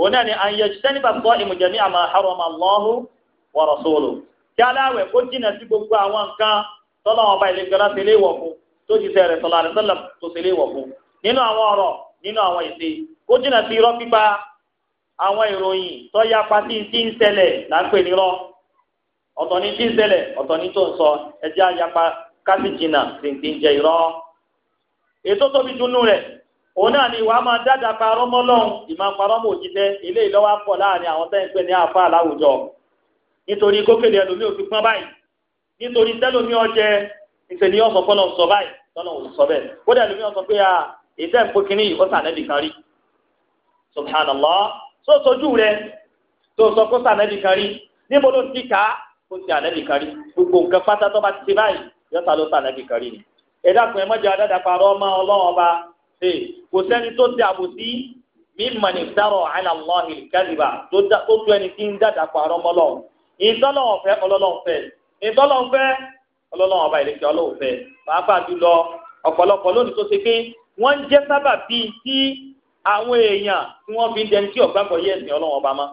òun náà ni à ń yẹ sẹ́nìbà sọ ìmùjẹ́ ní àmà harama Allahu wa rasuluhu kí aláwẹ̀ kó gbogbo awọn nǹkan tọ́lá wọn bá ilé gbẹ́lá sí ilé sere fún tó ti n'inu awọn rẹ̀ sọ́lá tó sí ilé ìwọ̀ fún nínú àwọn ọ̀rọ̀ nínú àwọn ìṣe òun náà ni ìwà máa dáadáa parọ́ mọ́ lọ́hùn ìmọ̀ parọ́ mọ́ òjijẹ́ pọ̀ láàrin àwọn tẹ́ ń pè ní àfa láwùjọ nítorí kókèlè ẹlòmíì ò fi pọ́n báyìí nítorí tẹ́lòmíì ọjẹ́ ìṣèlú sọ báyìí ò sọ bẹ́ẹ̀ kódà ọ̀sán pé ah, ń kínní ó sànẹ́bì kan rẹ tó sọ kó sànẹ́bì kan rí níbo ló ti kà gbogbo nǹkan pátá tó bá ti ṣe báyìí kò sẹ́ni tó ti àbòsí mímọ̀ ní sáró ala Allahi kẹ́lìbà tó tó ẹni tí ń dàdà pààrọ̀ mọ́lọ́ ìtọ́lọ́wọ̀fẹ́ ọlọ́lọ́wọ̀fẹ́ ìtọ́lọ́wọ̀fẹ́ ọlọ́lọ́wọ̀fẹ́ ìlẹ́kẹ́ ọlọ́wọ̀fẹ́ pàápàá jùlọ ọ̀pọ̀lọpọ̀ lónìí tó ṣe pé wọ́n jẹ́ sábà bíi tí àwọn èèyàn tí wọ́n fi ń dẹni tí ọ̀gbàgbọ́ yé ẹ̀sìn ọlọ́wọ́n ọba mọ́.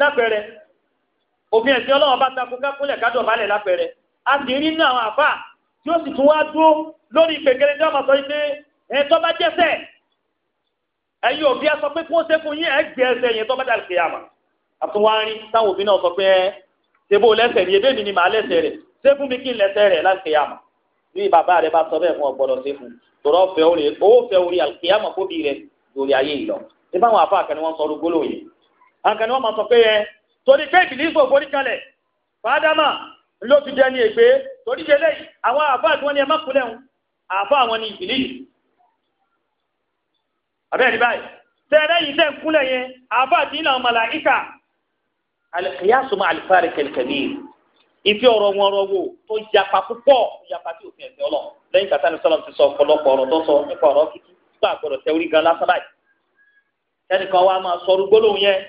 lápẹẹrẹ òfin ẹ̀sìn ọlọ́wọ́n ọba takò kákúnlẹ̀ kádùn ọ̀bálẹ̀ lápẹẹrẹ a sì rí inú àwọn àfà tí ó sì tún wá dúró lórí ìpèkèrè tí wọ́n máa sọ pé ẹ̀ tó bá jẹ́sẹ̀ ẹ̀yin òbí ẹ sọ pé kí wọ́n ṣe fún yín ẹ̀ gbé ẹsẹ̀ yẹn tó bá dà lùkè yàmà àtúwárín táwọn òbí náà sọ pé ẹ ṣe bó ni ebémi ni màá lẹ́sẹ̀ rẹ̀ ṣé fún mi kí n lẹ́sẹ̀ rẹ̀ lálùkè yàmà bí bàbá rẹ̀ bá sọ bẹ́ẹ̀ fún ọ̀gbọ́dọ̀ ṣe fún tòrọ fẹ́ orí owó fẹ́ orí àlùkè yàmà kóbi rẹ̀ lórí ayé yìí lọ ṣé báwọn afá àkànni wọn sọ ọdún gbólóò yìí àkànni wọn máa sọ pé ẹ torí pé ìbílísì òforí kalẹ̀ fàádámà ló fi jẹ́ ègbé torí jẹ́ àwọn àfáà tí wọ́n ní ẹ má kulẹ̀ ń àfáà wọn ní ìbílísì abẹ́rẹ́ báyìí tẹ́lẹ̀ yìí tẹ́ ń kúnlẹ̀ yẹn àbá àti ìlànà màláìkà alìkìyàsùmọ̀ alifari kẹ̀lẹ́kẹ̀lẹ́ ìfi ọ̀rọ̀ wọn wo tó tí òfin ẹ̀sìn ọlọ́ sọlọm ti sọ ọrọ tó sọ nípa ọ̀rọ̀ kíkí tó gan wa máa sọ yẹn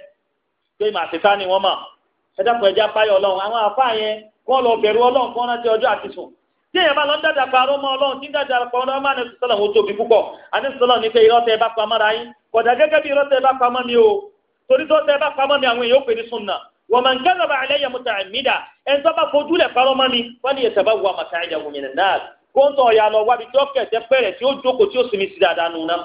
pé màá ti ká ni wọ́n mọ̀ ẹ dákun ẹja páyọ̀ ọlọ́run àwọn yẹn lọ bẹ̀rù ọlọ́run kọ́ tí èèyàn bá lọ ń dàdà parọ́ mọ́ ọlọ́run tí ń dàdà parọ́ mọ́ anẹ́sì sọ́lá wọn tóbi púpọ̀ anẹ́sì sọ́lá ní pé irọ́ tẹ́ ẹ bá pamọ́ ra yín kódà gẹ́gẹ́ bí irọ́ tẹ́ ẹ bá pamọ́ ni o torí tó tẹ́ ẹ bá pamọ́ ni àwọn èèyàn ó pè ní sunna wọ́n máa ń kẹ́lọ́ bá àlẹ́ yẹn mọ́ta àmìdá ẹ̀ ń sábà fojú lẹ̀ parọ́ mọ́ ni wọ́n ní ìṣẹ̀bá wà màkà ẹ̀yà wòmìnira náà kóńtọ̀ ọ̀yà lọ wábi tí ó tí ó jókòó tí ó sinmi sí dáadáa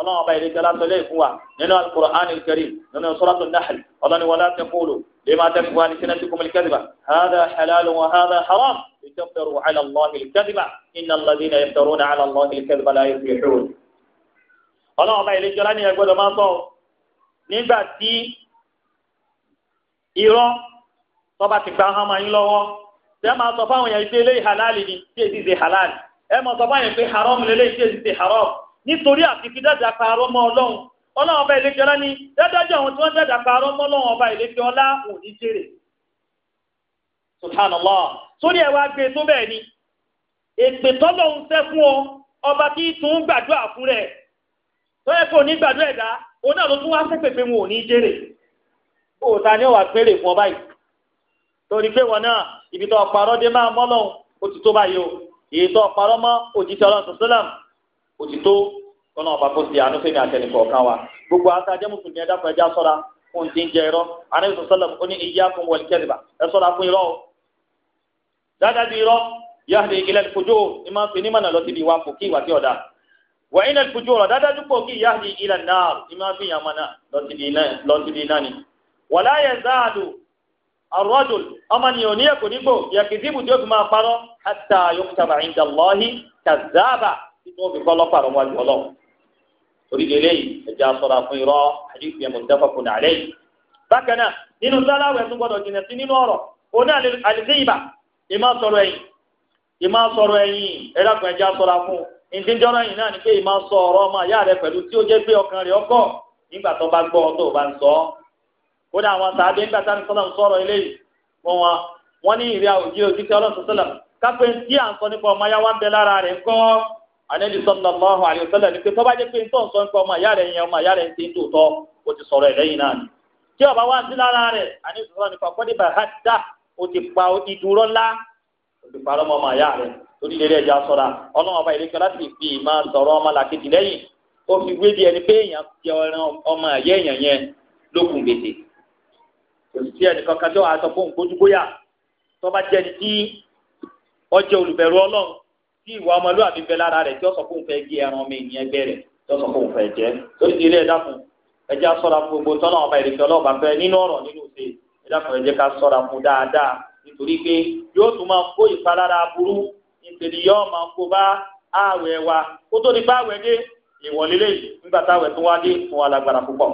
ọlọ́run ọba ìdíje látọlẹ́ ìfún wa nínú alukur'an al-karim nínú suratu nahl ọlọ́ni wala taqulu lima taqulu alsinatukum al-kadhiba hadha halal wa hadha haram litaftaru ala allahi al-kadhiba inna alladhina yaftaruna ala allahi al-kadhiba la yuflihun. ọlọ́run ọba ìdíje lá ní ẹgbẹ́dọ̀ máa sọ nígbà tí irọ́ tọ́ba ti gba hàn máa ń lọ́wọ́ tẹ́ máa sọ fáwọn yẹn pé eléyìí halal ni tí nítorí àti fi dáadáa parọ́ mọ́ ọlọ́run ọlọ́run ọba ìlẹ́jọ́ ọlá ni dáadáa àwọn tí wọ́n dáadáa parọ́ mọ́ ọlọ́run ọba ìlẹ́jọ́ ọlá ò jèrè subhanallah sórí ẹ̀ wá gbé e tó bẹ́ẹ̀ ni èpè tọ́lọ́run ṣẹ́ fún ọ ọba tí tún gbàdúrà fún rẹ̀ tó kó ní gbàdúrà ẹ̀dá òun náà ló tún wá sẹ́pẹ̀ pé wọn ò ní jèrè òòtà ni ó wà péré fún ọ báyìí torí pé wọn náà ibi tó ọ̀pọ̀ àrọ́dé máa mọ́ lọ́hùn ó ti tó báyìí o èyí tó mọ́ òjijì òtítọ́ kọ́nà ọba kó ti àánú fẹ́mi àtẹnì kọ̀ọ̀kan wa gbogbo ata jẹ́ mùsùlùmí ẹ̀dá fún ẹja sọ́ra fún ti ń jẹ irọ́ anabi sọ́sọ́lá ó ní iyá fún wọlé kẹ́rìbà ẹ sọ́ra fún irọ́ o dáadáa bí irọ́ yahdi ilẹ̀ ìfojú ni máa ń fi nímọ̀nà lọ síbi ìwà kò kí ìwà tí ọ̀dà wà ilẹ̀ ìfojú ọ̀rọ̀ dáadáa dúpọ̀ kí yahdi ilẹ̀ náà ni máa fi yàn mọ́nà lọ síbi iná ni wàlá yẹn záàdù arọ́jùl ọmọnìyàn ní ẹ̀kọ́ nígbò yàkìdìbù títí wọn fi kọ́ lọ́pàá lọ́wọ́ àjọ lọ. torí lélẹ́ yìí ẹ̀jẹ̀ asọ̀rọ̀ fún irọ́ àdìsí ẹ̀mọ̀ ìdáfọ̀kù nàlẹ́ yìí. bákan náà nínú sáláwẹ̀ tún gbọdọ̀ jìnà sí nínú ọ̀rọ̀ òun náà àlèsè ìbà ìmá sọ̀rọ̀ ẹ̀yìn ìmá sọ̀rọ̀ ẹ̀yìn ẹ̀dàkùn ẹ̀jẹ̀ asọ̀rọ̀ fún ìdíjọ́rọ̀ ẹ̀yìn náà ni pé sọ ọmọ ìyá rẹ pẹ̀lú tí ó jẹ́ pé ọkàn rẹ̀ ọkọ̀ nígbà tó bá gbọ́ tó bá ń sọ ọ́ àwọn nígbà ń sọ̀rọ̀ wọn ní Ànábì sallallahu alaihi wasallam ni pé tó bá jẹ́ pé nítorí sọ nípa ọmọ ìyá rẹ̀ yẹn ọmọ ìyá rẹ̀ ń ti ń tòótọ́ o ti sọ̀rọ̀ ẹ̀ náà ni tí ọba wá sí lára rẹ̀ Ànábì sọlá nípa kọ́débà hàdá o ti pa ìdúró ńlá o ti parọ́ ọmọ ìyá rẹ̀ torí lè ẹja sọ̀ra ọlọ́run ọba ìrẹ́kẹ́ láti fi máa sọ̀rọ̀ ọmọ làkejì lẹ́yìn ó fi wé di ẹni pé èèyàn jẹ ọmọ ẹ̀yẹ èèyàn yẹn lókun gbèsè kò ẹnìkan kan tó wàá fóun kójú bóyá tó jẹ́ ẹni ọjọ́ olùbẹ̀rù ọlọ́run tí ìwà ọmọlúwàbí bẹ lára rẹ̀ tí ó sọ fún un fẹ́ gé ẹran mi ní ẹgbẹ́ rẹ̀ tí ó sọ fún un fẹ́ jẹ́ torí ti ilé ẹ̀dá fún ẹjẹ́ sọ́ra fún gbogbo tọ́lá ọba ìrèké ọlọ́ọ̀bá fẹ́ nínú ọ̀rọ̀ nínú òsè ẹ̀dá fún ẹjẹ́ ká sọ́ra fún dáadáa nítorí pé yóò tún máa kó ìpalára burú nítorí yóò máa kó bá ààwẹ̀ wa kó tó ní bá ààwẹ̀ dé ìwọ̀lélẹ̀ yìí nígbà táwẹ̀ tó wá dé fún alágbára púpọ̀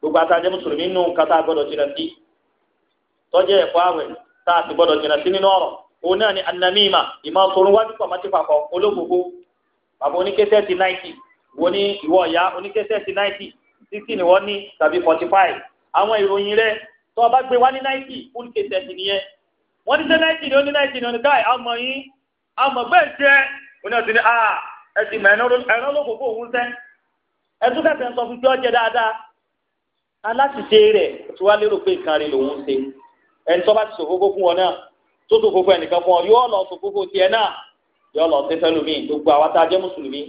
gbogbo àtàjẹ́ mùsùlùmí nù kátà gbọ́dọ̀ jìnnà sí òun náà ni anamima ìmọ̀ torun wájú pọ̀ mọ́tí papọ̀ olóògbogbo bàbá oníkẹ́sẹ́ẹ̀tì náìtì wo ni ìwọ ọ̀yá oníkẹ́sẹ́ẹ̀tì náìtì títí ni wọ́n ní tàbí forty five àwọn ìròyìn rẹ tó o bá gbé wá ní náìtì full kẹ́sẹ́ẹ̀tì nìyẹn wọ́n ní sẹ́ náìtì ni ó ní náìtì ni ó ní káì àmọ̀ yín àmọ̀ bẹ́ẹ̀ jẹ́ oní ọ̀sìn ni a ah, ẹ mọ ẹ̀rọ olóògbogbo òun sẹ́ tó tó fòfò ẹnìkan fún ọ yóò lọ tó fòfò tiẹ̀ náà yóò lọ sí fẹ́lùmí gbogbo àwọn tá a jẹ́ mùsùlùmí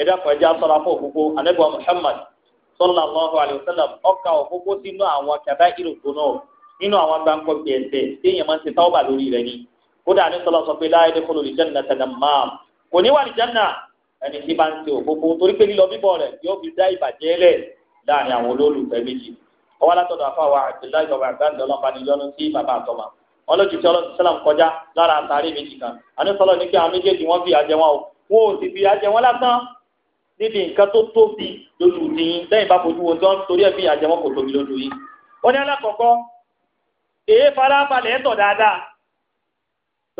ẹ̀dá kan ẹja sọ́ra fún òfófó anábì Muhammad sallallahu alayhi wa sallam ọkà òfófó sínú àwọn kàdá ìròkó náà nínú àwọn gbàǹkọ bí ẹsẹ̀ téèyàn máa ń ṣe táwọn bà lórí rẹ̀ ni kódà ní sọlá sọ pé láyé dé kọlọ lìjẹ́ nà tẹ̀lé máa kò ní wà lìjẹ́ nà ẹni tí bá ń ṣe òfófó torí pé lílọ bíbọ̀ rẹ̀ yóò fi dá ìbàjẹ́ lẹ̀ láàrin àwọn olólùfẹ́ méjì ọwọ́ látọ̀dọ̀ àfáwà àti láyọ̀ àgbàdo ọlọ́pàá ni yọnu sí bàbá àtọ́mà wọn lójú tí ọlọ́sùn sẹ́làm kọjá lára àtàrí méjì kan àníṣọlọ ní kí àwọn méjèèjì wọn fi àjẹ wọn o wọn ò sì fi àjẹ wọn lásán níbi nǹkan tó tóbi lójú tìyín lẹ́yìn bá fojú wọn tán torí ẹ̀ fi àjẹ wọn kò tóbi lójú yín. ó ní alákọ̀ọ́kọ́ èé farabalẹ̀ ẹ̀tọ̀ dáadáa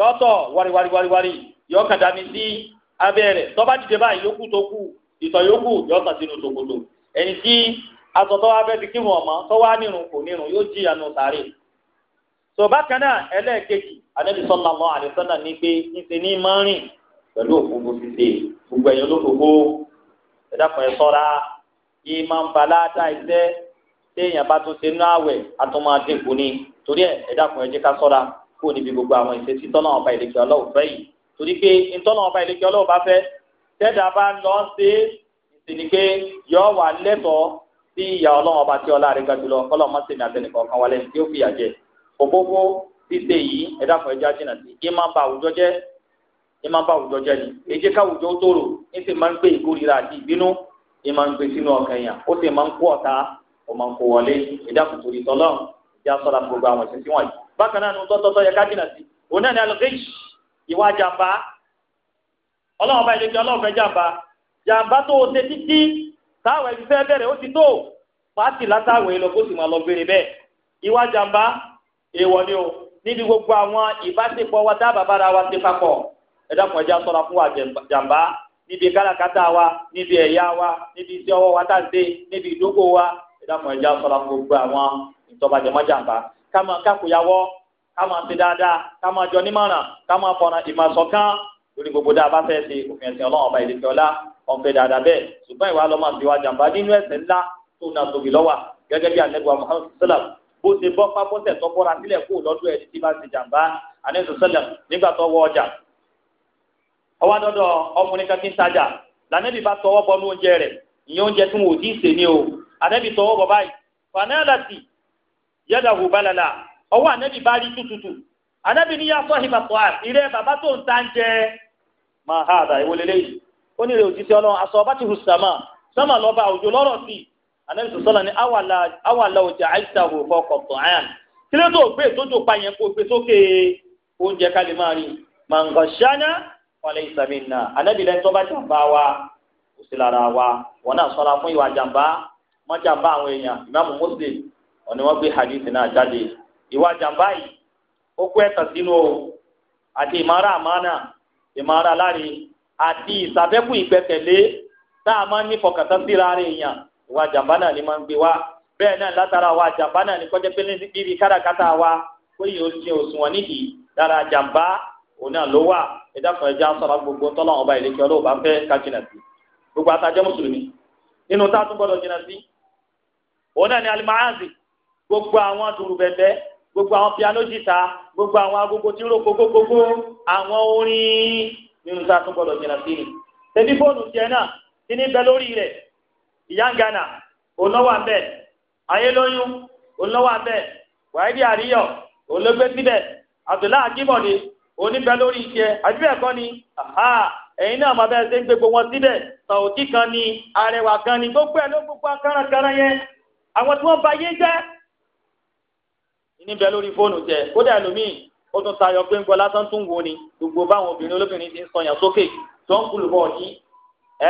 lọ́tọ̀ wariwariwariwari yọ kàdá mi sí abẹ́rẹ́ tọ́ba dìde báyìí yókù tó kù ìtọ̀ yókù yọ kàn sínú ṣòkòtò ẹni tí tó bákan náà ẹlẹ́ẹ̀kejì anabi sallallahu alaihi wasallam ní pé níṣe ní máa rìn pẹ̀lú òfófó títè gbogbo ẹ̀yàn olókòókò ẹ̀dàkùn ẹ̀ sọ́ra yìí máa ń balá dá iṣẹ́ téèyàn bá tún ṣe nú àwẹ̀ àtúmọ̀ àdínkù ni torí ẹ̀ ẹ̀dàkùn ẹ̀ jẹ́ ká sọ́ra kó níbi gbogbo àwọn ìṣesí tọ́nà ọba ìlẹ̀kẹ́ ọlọ́wọ́ fẹ́ yìí torí pé ntọ́nà ọba ìlẹ̀kẹ́ ọlọ́wọ́ bá fẹ́ tẹ́dà bá lọ ṣe é ìsìn pé yọ wà lẹ́tọ̀ọ́ sí ìyá ọlọ́wọ́ ọba tí ọlá rẹ̀ gbàdúrà kọ́lọ́ mọ́sẹ̀mí àtẹnìkọ̀ọ̀kan wálẹ̀ tí ó fìyà jẹ òfófó ṣíṣe yìí ẹ̀dá kan ẹja jìnnà sí i máa ń ba àwùjọ jẹ́ i máa ń àwùjọ jẹ́ ni èjì káwùjọ tóró ní sì máa ń gbé ìkórira àti ìbínú i máa ń gbé sínú ọkàn èèyàn ó sì máa ń kó ọ̀tá ó máa ń kó wọlé ẹ̀dá kò torí tọ́lọ́ ìjà sọ́ra gbogbo àwọn ìṣẹ́ sí wọ̀nyí bákan náà nu tọ́tọ́tọ́ yẹ ká jìnnà sí òun náà ni alùpùpù ìwà jàmbá ọlọ́run èèwọ̀ ni o níbi gbogbo àwọn ìbáṣepọ̀ wa dábàá bára wa ṣe papọ̀ ẹ dákun ẹja ṣọ́ra fún wa jàǹbá níbi káràkátà wa níbi ẹ̀yà wa níbi iṣẹ́ ọwọ́ wa táǹdé níbi ìdógò wa ẹ dákun ẹja ṣọ́ra fún gbogbo àwọn ìtọ́bàjẹ́mọ́ jàǹbá kámọ kákòyàwọ́ kámọ ṣe dáadáa kámọ jọ nímọ̀ràn kámọ fọ̀nà ìmọ̀sọ̀kan lórí gbogbo dáa bá fẹ́ ṣe òfin ẹ̀sìn ọlọ́run ọba ìdíkẹ́ ọlá bó ṣe bọ́ pápọ́sẹ̀ tó bọ́ra sílẹ̀ kó lọ́dọ̀ ẹni tí bá ṣe jàǹbá àníṣe sẹ́lẹ̀ nígbà tó wọ ọjà. ọwọ́ dọ́dọ̀ ọkùnrin kan ti ń tajà lànàbí bá tọwọ́ bọ́ ní oúnjẹ rẹ̀ ìyẹn oúnjẹ tí wọn ò tí ì sè ní o ànàbí tọwọ́ bọ̀ báyìí fanẹ́lẹ̀tì yẹ́dàwó balala ọwọ́ ànàbí bá rí tútùtù ànàbí ní yàtọ̀ ìbàtọ̀ ìrẹ́ bàbá tó ń ta ń jẹ anabi sọsọlá ni awàlá ọjà àìsàwò fọkọtọ àyàn kílẹ tó gbé tójú pa yẹn kó gbé sókè oúnjẹ ká lè máa rí màǹgà ṣáná wàlẹ ìsàmì nà anabi lẹni tó bá jàmbá wa kò sí lára wa wọn náà ṣọ́ra fún ìwà jàmbá wọn jàmbá àwọn èèyàn ìmáàmù Muslim wọn ni wọn gbé hadith náà jáde ìwà jàmbá yìí ó kó ẹ̀tàn sínú o àti ìmárà àmánà ìmárà láre àti ìsàfẹ́kù ìgbẹ́kẹ̀lé tá a máa ń ní fọkàtà síra rẹ̀ èèyàn ìwà jàǹbá náà ni máa ń gbé wa bẹ́ẹ̀ náà látara wa jàǹbá náà ni kọjá pé níbi káràkátà wa ó yẹ oṣù òṣùwọ̀n nídìí lára jàǹbá òun náà ló wà ẹ̀dá kan ẹja sọ̀rọ̀ gbogbo tọ́lọ́wọ́n ọba ìlẹ́kẹ́ ọlọ́ọ̀bá fẹ́ ká jìnà sí gbogbo àtàjẹ́ mùsùlùmí nínú tá a tún gbọ́dọ̀ jìnà sí òun náà ni alimahazi gbogbo àwọn turubẹ̀bẹ̀ gbogbo àwọn pianojita gbogbo àwọn agogo tí ń ro gogogogo àwọn orin nínú tá a tún gbọ́dọ̀ jìnà sí ni tẹbí tiẹ̀ náà kí ní bẹ lórí rẹ̀ ìyáǹgànà olówó abẹ́ ayélóyún olówó abẹ́ wàhídì àríyọ̀ olóògbé síbẹ̀ àbdùlá akíbọ̀dé oníbẹ̀ lórí iṣẹ́ àbí bẹ́ẹ̀ kọ́ ni ẹ̀yin náà máa bẹ́ẹ̀ ṣe ń gbé gbogbo wọn síbẹ̀ sàwùtí kan ni arẹwà kan ni gbogbo ẹ̀ ló gbogbo akárakára yẹn àwọn tí wọ́n ba yé jẹ́ níbẹ̀ lórí fóònù jẹ kódà ẹlòmíì ó tún tayọ pé ń gbọ́ lásán tún wo ni gbogbo báwọn obìnrin olóbìnrin ti ń sọyàn sókè tó ń kulùbọ̀ ọ̀dí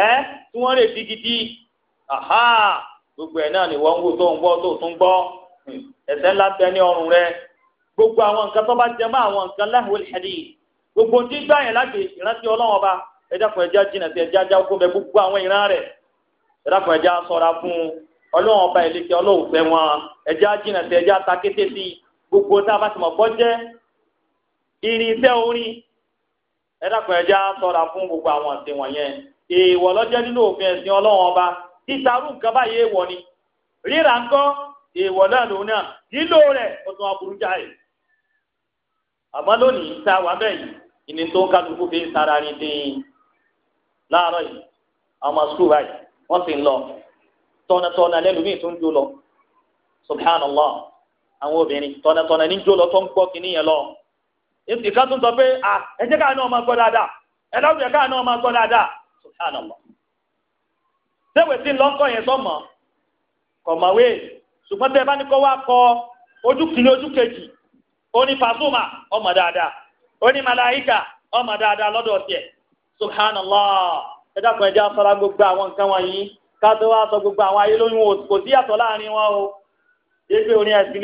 ẹ́ tí wọ́n rè gidigidi aha gbogbo ẹ̀ náà ni wọ́n ń wò tó ń gbọ́ tó tún gbọ́ ẹ̀ṣẹ̀ ńlá bẹ ní ọrùn rẹ gbogbo àwọn nǹkan tó bá jẹ mọ́ àwọn nǹkan lahwul hadith gbogbo tí gbà yẹn láti ìrántí ọlọ́run ọba ẹja fún ẹja jìnnà sí ẹja jáwó bẹ gbogbo àwọn ìran rẹ ẹja fún ẹja ṣọ́ra fún ọlọ́run ọba ìlẹkẹ ọlọ́run fẹ wọn ẹja jìnnà sí ẹja ta kété sí gbogbo tá a bá ti mọ̀ gbọ́ jẹ́ irinṣẹ́ orin ẹja fún ẹja ṣọ́ra fún gbogbo àwọn àti wọ̀nyẹn èèwọ̀ lọ́jẹ́ nínú òfin ẹ̀sìn ọlọ́run ọba títarú nǹkan báyìí èèwọ̀ ni ríra ńkọ́ èèwọ̀ náà lòun náà nílò rẹ̀ àmọ́ lónìí a wà bẹ́ẹ̀ yìí ìní tó ń kálukú fi ń sara ni dín láàárọ̀ yìí ọmọ sukùl báyìí wọ́n sì ń lọ lẹ́nu tó ń jó lọ subhanallah àwọn obìnrin ní jó lọ tó ń gbọ́ kínní yẹn lọ pé ẹ jẹ́ káà náà máa gbọ́ dáadáa ẹ sẹ́wẹ̀ tí ń lọ kọ́ yẹn sọ́mọ́ kọ̀mọ̀wé ṣùgbọ́n tẹ́ bá ní kọ́ wá kọ ojú kìíní ojú kejì oní ní ọmọ dáadáa ó ní ọmọ dáadáa lọ́dọ̀ tiẹ̀ subhanallah ẹ dákun ẹ gbogbo àwọn nǹkan wọ̀nyí ká gbogbo àwọn ayé lóyún kò sí o orin ẹ̀sìn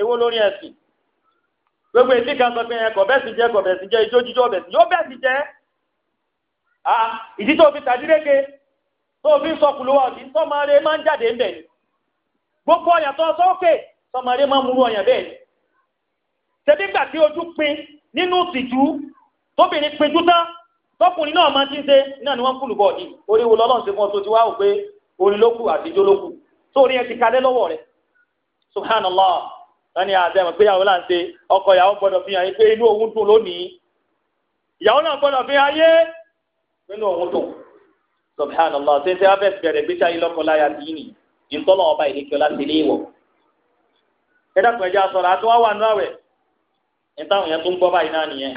ewó lórí ẹ̀sìn gbogbo kan sọ pé ẹ kọ̀ jẹ́ kọ̀ jẹ́ ijó yóò tó fi ń sọkùn lówó ọ̀dí sọmọdé máa ń jáde ń bẹ̀ ni gbogbo ọ̀yàn tó sọ́ọ̀kè sọmọdé máa ń mú ọ̀yàn bẹ́ẹ̀ ni ṣebí gbà tí ojú pin nínú tìjú tóbìnrin pinjú tán tọkùnrin náà máa ti ṣe náà ni wọ́n kúlù bọ̀ ọ̀dí oríwo lọ́lọ́run ṣe fún ọ tó ti wá wò pé orin ló kù àtijọ́ ló kù sórí ẹ ti kalẹ́ lọ́wọ́ rẹ̀ subhanallah lẹ́ni àdẹ́mọ̀ pé ìyàwó láǹṣe ọkọ ìyàwó gbọ́dọ̀ fi hàn pé inú òun dùn lónìí ìyàwó náà gbọ́dọ̀ fi hàn yé subhanallah ṣé ṣé abẹ́ bẹ̀rẹ̀ gbéṣẹ́ ayé lọ́kọláya ti yìí nì ntọ́lọ́ ọba ìlẹ́kẹ́ ọlá ti léèwọ̀ ẹ dàpọ̀ ẹja sọ̀rọ̀ àti wá wà nù àwẹ̀ nítawọn yẹn tó ń gbọ́ báyìí náà nìyẹn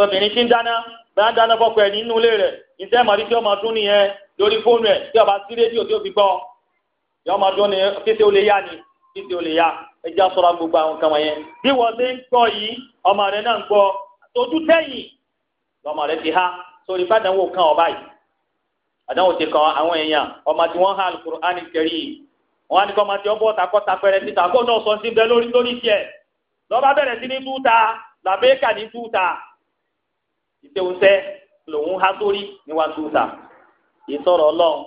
obìnrin ti ń dáná bá ń dáná fọ́pọ̀ ẹ̀ nínú ilé rẹ̀ tí dún nìyẹn lórí fóònù ọba sí rédíò tí ó fi gbọ́ ọmọ dún ni kété ó lè yá ni ó lè yá gbogbo àdánwò ti kan àwọn èèyàn ọmọ tí wọ́n há alukur'ani kẹrì wọn á ní kọ́ ọmọ tí wọ́n bọ́ takọ́ tapẹ̀rẹ̀ títà kó náà sọ sí bẹ lórí lórí tiẹ̀ lọ́ba bẹ̀rẹ̀ sí ní túta làbẹ́ẹ̀kà ní túta ìṣèwùsẹ́ lòun há sórí níwá túta ìsọ̀rọ̀ ọlọ́run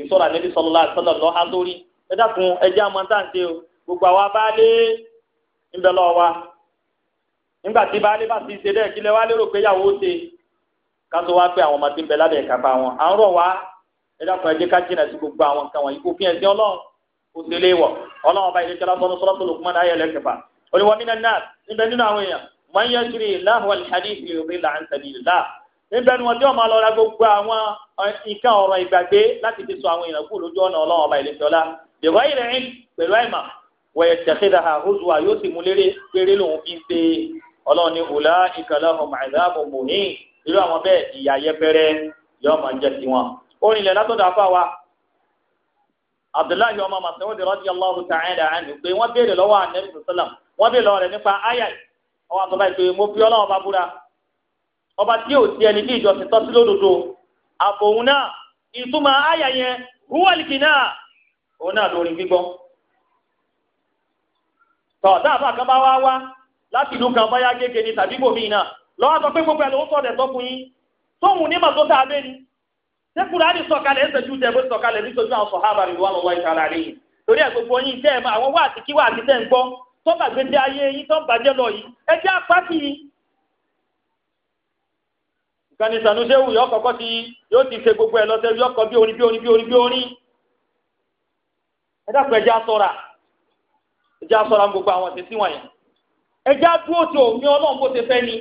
ìsọ̀rọ̀ àlẹ́bí sọlọ́lá sọlọ́ lọ́ há sórí ẹ dákun ẹjẹ́ àmọ́tàǹdé o gbogbo àwa bá lé ńbẹ lọ́wọ́ wa nígbà bá lé bá ti ṣe dẹ́ kílẹ̀ wá lérò pé yàwó ṣe kátó wá pé àwọn ọmọ tí ń bẹ lábẹ́ ìkápá wọn à ń rọ̀ wá ẹ dákun ẹ jẹ́ ká jìnnà sí gbogbo àwọn nǹkan wọ̀nyí kò fi ẹ̀sìn ọlọ́run kò sí ilé wọ̀ ọlọ́run ọba ìdíjọ́ lásán ní sọ́lọ́tò lókun mọ́nà ayẹlẹ́ kẹfà oníwọ̀ mí náà níbẹ̀ nínú àwọn èèyàn wọ́n yẹ kiri láhùn alhadith lè rí là ń tẹ̀lé ìlà níbẹ̀ ni wọ́n tí wọ́n máa lọ ra gbogbo àwọn eh, nǹkan ọ̀rọ̀ ìgbàgbé láti fi sọ àwọn èèyàn kú lójú ọ̀nà irú àwọn bẹ́ẹ̀ ìyá yẹpẹrẹ yóò máa jẹ́ sí wọn. orin ilẹ̀ látọ̀dọ̀ afá wa abdullahi ọmọ masoud radiyallahu ta'ala anhu pé wọ́n béèrè lọ́wọ́ anabi sallam wọ́n béèrè lọ́wọ́ rẹ̀ nípa ayat ọwọ́ àtọ́ báyìí pé mo fi ọlọ́wọ́ bá búra ọba tí ò sí ẹni bí ìjọsìn tọ́sí lódodo àfòun náà ìtumọ̀ ayat yẹn húwàlìkì náà òun náà lórí gbígbọ́ tọ̀ dáàbà kan bá wá wá láti ìlú kan báyá gégé ni tàbí bòmíì náà lọ́wọ́ sọ pé gbogbo ẹ̀ lówó sọ̀dẹ̀ tọ́kùn yín tóun ní màtó tá a bẹ́ ni ṣé kùránì sọ̀kalẹ̀ ẹ̀ sẹ́jú tẹ̀ bó sọ̀kalẹ̀ nítorí àwọn sọ̀hábà rẹ̀ wà lọ́wọ́ ìtara rẹ̀ yìí torí ẹ̀ gbogbo yín tẹ́ ẹ̀ mọ àwọn wáàtí kí wáàtí tẹ́ ń gbọ́ tó bàgbé dé ayé yín tó ń bàjẹ́ lọ yìí ẹ jẹ́ apáti yìí. ìkànnì sànúṣẹ́wù yọ kọ̀kọ́ ti yóò ti ṣe gbogbo ẹ̀ lọ́sẹ̀ yọ kọ bí orin bí orin bí orin bí orin. ẹ dákun ẹ jẹ́ asọ́ra ẹ jẹ́ asọ́ra gbogbo àwọn tẹ̀síwọ̀n yẹn ẹ jẹ́ ti òun ní ọlọ́run bó ṣe fẹ́ ni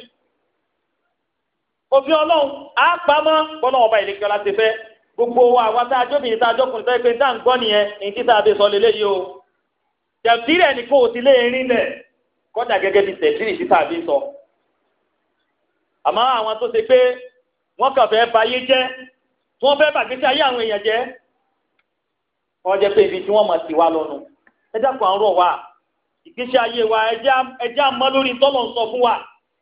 òfin ọlọ́run á pamọ́ bọ́lá ọba ìlẹ́kẹ́ ọlá ti fẹ́ gbogbo wa àwa tá a jóbìnrin tá a jọkùnrin tó yẹ pé tá à ń gbọ́ nìyẹn ní títà àbí sọ lélẹ́yìí o tẹ̀sírì ẹni kó o ti lé erin lẹ̀ kọ́dà gẹ́gẹ́ bí tẹ̀sírì títà àbí sọ. àmọ́ àwọn tó ṣe pé wọ́n kàn fẹ́ bayé jẹ́ tí wọ́n fẹ́ bàgbésí ayé àwọn èèyàn jẹ́ wọ́n jẹ́ pé ibi tí wọ́n mọ̀ sí wa lọ́nu ẹ dákun àárọ̀ wa ìgbésí ayé wa ẹ jẹ́ àmọ́ lórí tọ́lọ̀ ń sọ fún wa.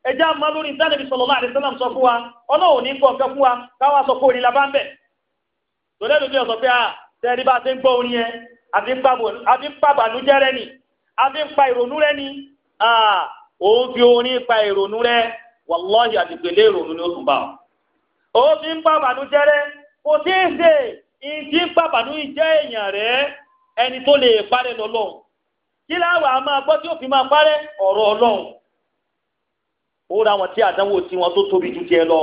ẹjẹ́ àmọ́ lórí ìtànàbí sallallahu alaihi wasallam sọ fún wa ọlọ́run ní kọ̀ọ̀kan fún wa sọ la tòlẹ́ ah, a tẹ́rí bá ti ń orin yẹn àti ń rẹ ni àti ń pa ni òun ah, fi orin pa ìrònú rẹ wàlọ́ọ̀yì àdìgbèlé ìrònú ni ó tún fi ń rẹ kò ìdí èèyàn rẹ ẹni tó lè parẹ́ lọ́lọ́run kí ó ra wọn tí àdánwò tí wọn tó tóbi ju tiẹ̀ lọ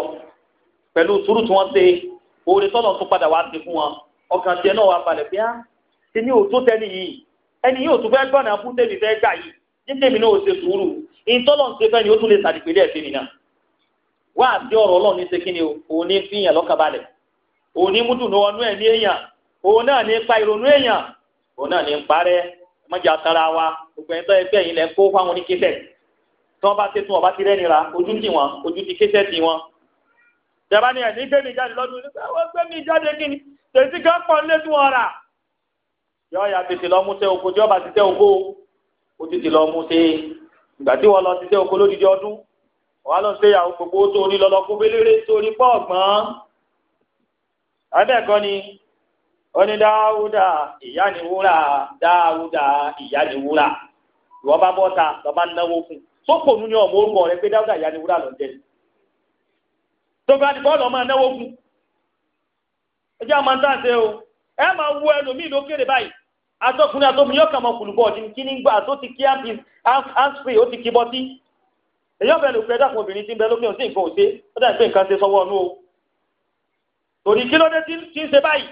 pẹ̀lú sùúrù tí wọ́n ṣe oore tọ́lọ̀ tó padà wá sí fún wọn ọkàn tiẹ̀ náà wà balẹ̀ bíá ti ní òótọ́ tẹ́lẹ̀ yìí ni ó tún lè ẹ̀fẹ́ mi náà wá àti ọ̀rọ̀ ní ni fi yàn lọ́kàn balẹ̀ ọnú ẹ̀ ní èèyàn òun náà ní pa ìrònú tara wa gbogbo ẹgbẹ́ yìí lẹ́ kó fáwọn oníkẹ́fẹ́ tí wọ́n bá ṣe tún ọba ti rẹ́ni ra ojú ti wọn ojú ti kéṣẹ́ ti wọn. ìjọba ni ẹ̀ ní gbẹ̀mí jáde lọ́dún wọ́n gbẹ̀mí jáde kí ni tètè kan pọ̀ lé tí wọ́n yọ ya tètè lọ mú sẹ́ oko tí ọba ti sẹ́ oko ó tètè lọ mú sẹ́ ìgbà tí wọ́n lọ ti sẹ́ oko lódìdí ọdún wà lọ sí ìyàwó gbogbo torí lọ́lọ́kú bélére torí pọ̀ gbọ́n. abẹ́ẹ̀kọ́ ni oní dáwúdà ìyá ni wúrà dáwúdà ìyá ni wúrà ìwọ bá bọ́ta lọ́ba náwó fún un sókòónú ni ọmọ orúkọ rẹ pé dáúdà ìyá ni wúrà lọ jẹ tóbi àti bọ́ọ̀lù ọmọ ẹ̀náwó kù ẹ jẹ́ àmọ́ ntá ṣe o ẹ máa wú ẹlòmíì lókèrè báyìí atọ́kùnrin atọ́kùnrin yóò kàn mọ́ kùlùbọ̀ ọ̀dì kí ní gbà tó ti kí áńsì ó ti kí bọ́tí èyí ọ̀bẹ lò pé dákun obìnrin ti ń bẹ lókè òsì nǹkan òsè ó dàbí nǹkan ṣe sọ́wọ́ ọ̀nù o torí kí ló dé tí ń ṣe báyìí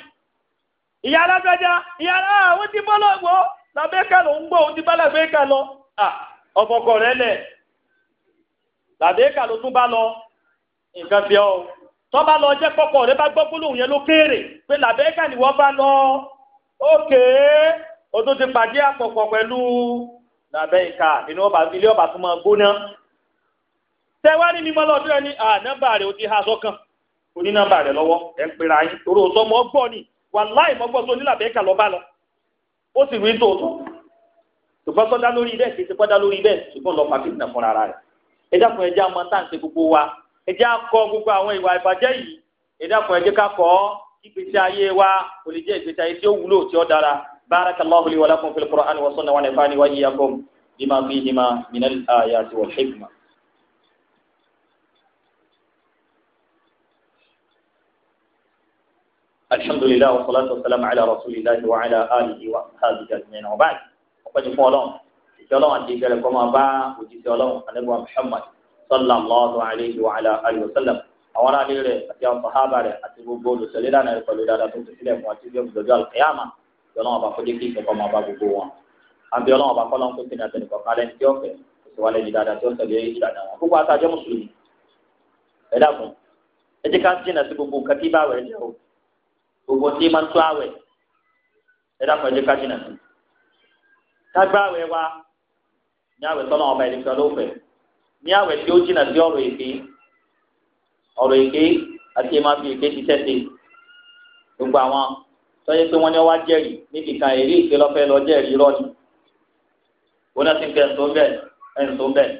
ìyá alágbájá ìyá aláwọ̀ ọkọọkọ rẹ lẹ̀ làdéka ló tún bá lọ nǹkan fi ọ lọ jẹ́ kọ́kọ́ rẹ bá gbọ́ gbólóhùn yẹn ló kéèrè pé làdéka ni wọ́n bá lọ ókè o tó ti pàdé àpọ̀pọ̀ pẹ̀lú làbẹ́yìnká inú ọba ilé ọba tó máa gbóná tẹwárí mímọ́ lọ́dún ẹni à nọ́mbà rẹ̀ ó ti sọ́kàn nọ́mbà rẹ̀ lọ́wọ́ ẹ̀ ń pera yín torí òótọ́ ni wàláì mọ́ gbọ́ tó lọ́ bá lọ ó sì rí tòótọ́ ṣùgbọ́n tó dá lórí bẹ́ẹ̀ kì í ti pọ́ dá lórí bẹ́ẹ̀ ṣùgbọ́n lọ́ọ́ fàbí ìtàn fúnra rẹ̀ ẹ dákun ẹ jẹ́ àmọ́ tá à ń ṣe gbogbo wa ẹ jẹ́ àkọ́ gbogbo àwọn ìwà ìbàjẹ́ yìí ẹ dákun ẹ jẹ́ ká kọ́ ìgbésí ayé wa kò lè jẹ́ ìgbésí ayé tí ó wúlò tí ó dára barakallahu li wa lakum fil qur'ani wa sunna wa nafa'ani wa iyyakum bima fihima min al ayati wal hikma. alhamdulilayi wa salatu wa salam ala rasulillahi wa ala alihi wa ashabihi ajma'in wa ba'd ọpẹ́jù fún ọlọ́run ìṣẹ́ ọlọ́run àti ìgbẹ́rẹ́ kọ́ máa bá òjíṣẹ́ ọlọ́run ànábì Muhammad sallallahu alayhi wa ala alihi wa sallam àwọn aráàlú rẹ̀ àti àwọn sàhábà rẹ̀ àti gbogbo olùsọ̀lẹ́ lánàá rẹ̀ pẹ̀lú dáadáa tó ti sílẹ̀ fún àti ìjọba ìjọba alkiyama ọlọ́run ọba kọ́jú kí ìṣẹ̀kọ́ máa bá gbogbo wọn àbí ọlọ́run ọba kọ́lọ́n kó sínú àtẹnukọ̀ kálẹ̀ ní tí ó fẹ́ kó sì wálé ká jìnnà sí kágbáwẹ̀ wa ní àwẹ̀ tọ́nà ọmọ ẹ̀dín kan ló fẹ̀ ní àwẹ̀ tí ó jìnnà sí ọ̀rọ̀ èké ọ̀rọ̀ èké àti ẹ̀ máa fi èké ti tẹ́tẹ́ gbogbo àwọn tọ́jú pé wọ́n ní wá jẹ́rìí níbi kan èrè ìké lọ́fẹ́ lọ jẹ́rìí rọ́ọ̀nì oní ti ń kẹ́ ẹ̀sùn bẹ́ẹ̀ ẹ̀sùn bẹ́ẹ̀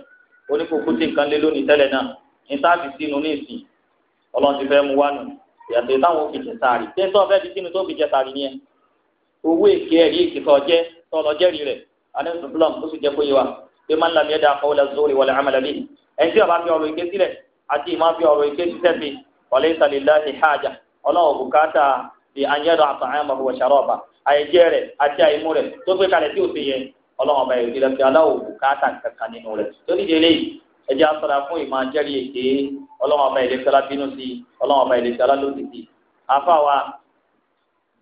oníkókó tí nǹkan lé lónìí tẹ́lẹ̀ náà ní táàbì sínú ní ìsìn ọlọ́run ti fẹ́ mu wá nù ìyàtọ̀ táwọn òfin jẹ sáàrì tí ń sínú tó fi jẹ sáàrì nìyẹn owó èké ẹ̀rí èké tó jẹ́ rẹ̀ alẹ́ sùdúlọ̀m ó sì jẹ́ kó yé wa pé máa ń lam yẹ́dá qawla zuri wal amala bihi ẹni tí a bá fi ọ̀rọ̀ èké sílẹ̀ àti ìmọ̀ fi ọ̀rọ̀ èké sísẹ́ fi walaysa lillahi haja ọlọ́wọ̀ bùkátà fi anyẹ́dọ̀ àtàwọn wa sharaba àyẹ̀jẹ́ rẹ̀ àti àyẹ̀mú rẹ̀ tó gbé kalẹ̀ tí ò ti yẹ ọlọ́wọ̀ bá yẹ̀ kílẹ̀ fi aláwọ̀ bùkátà kankan nínú rẹ̀ tó ní délé ẹjẹ́ asọ́ra fún ìmọ̀ ajẹ́rì èké ọlọ́wọ̀ bá yẹ̀ kílẹ̀ bínú sí ọlọ́wọ̀ bá yẹ̀ kílẹ̀ lódì sí àfàwà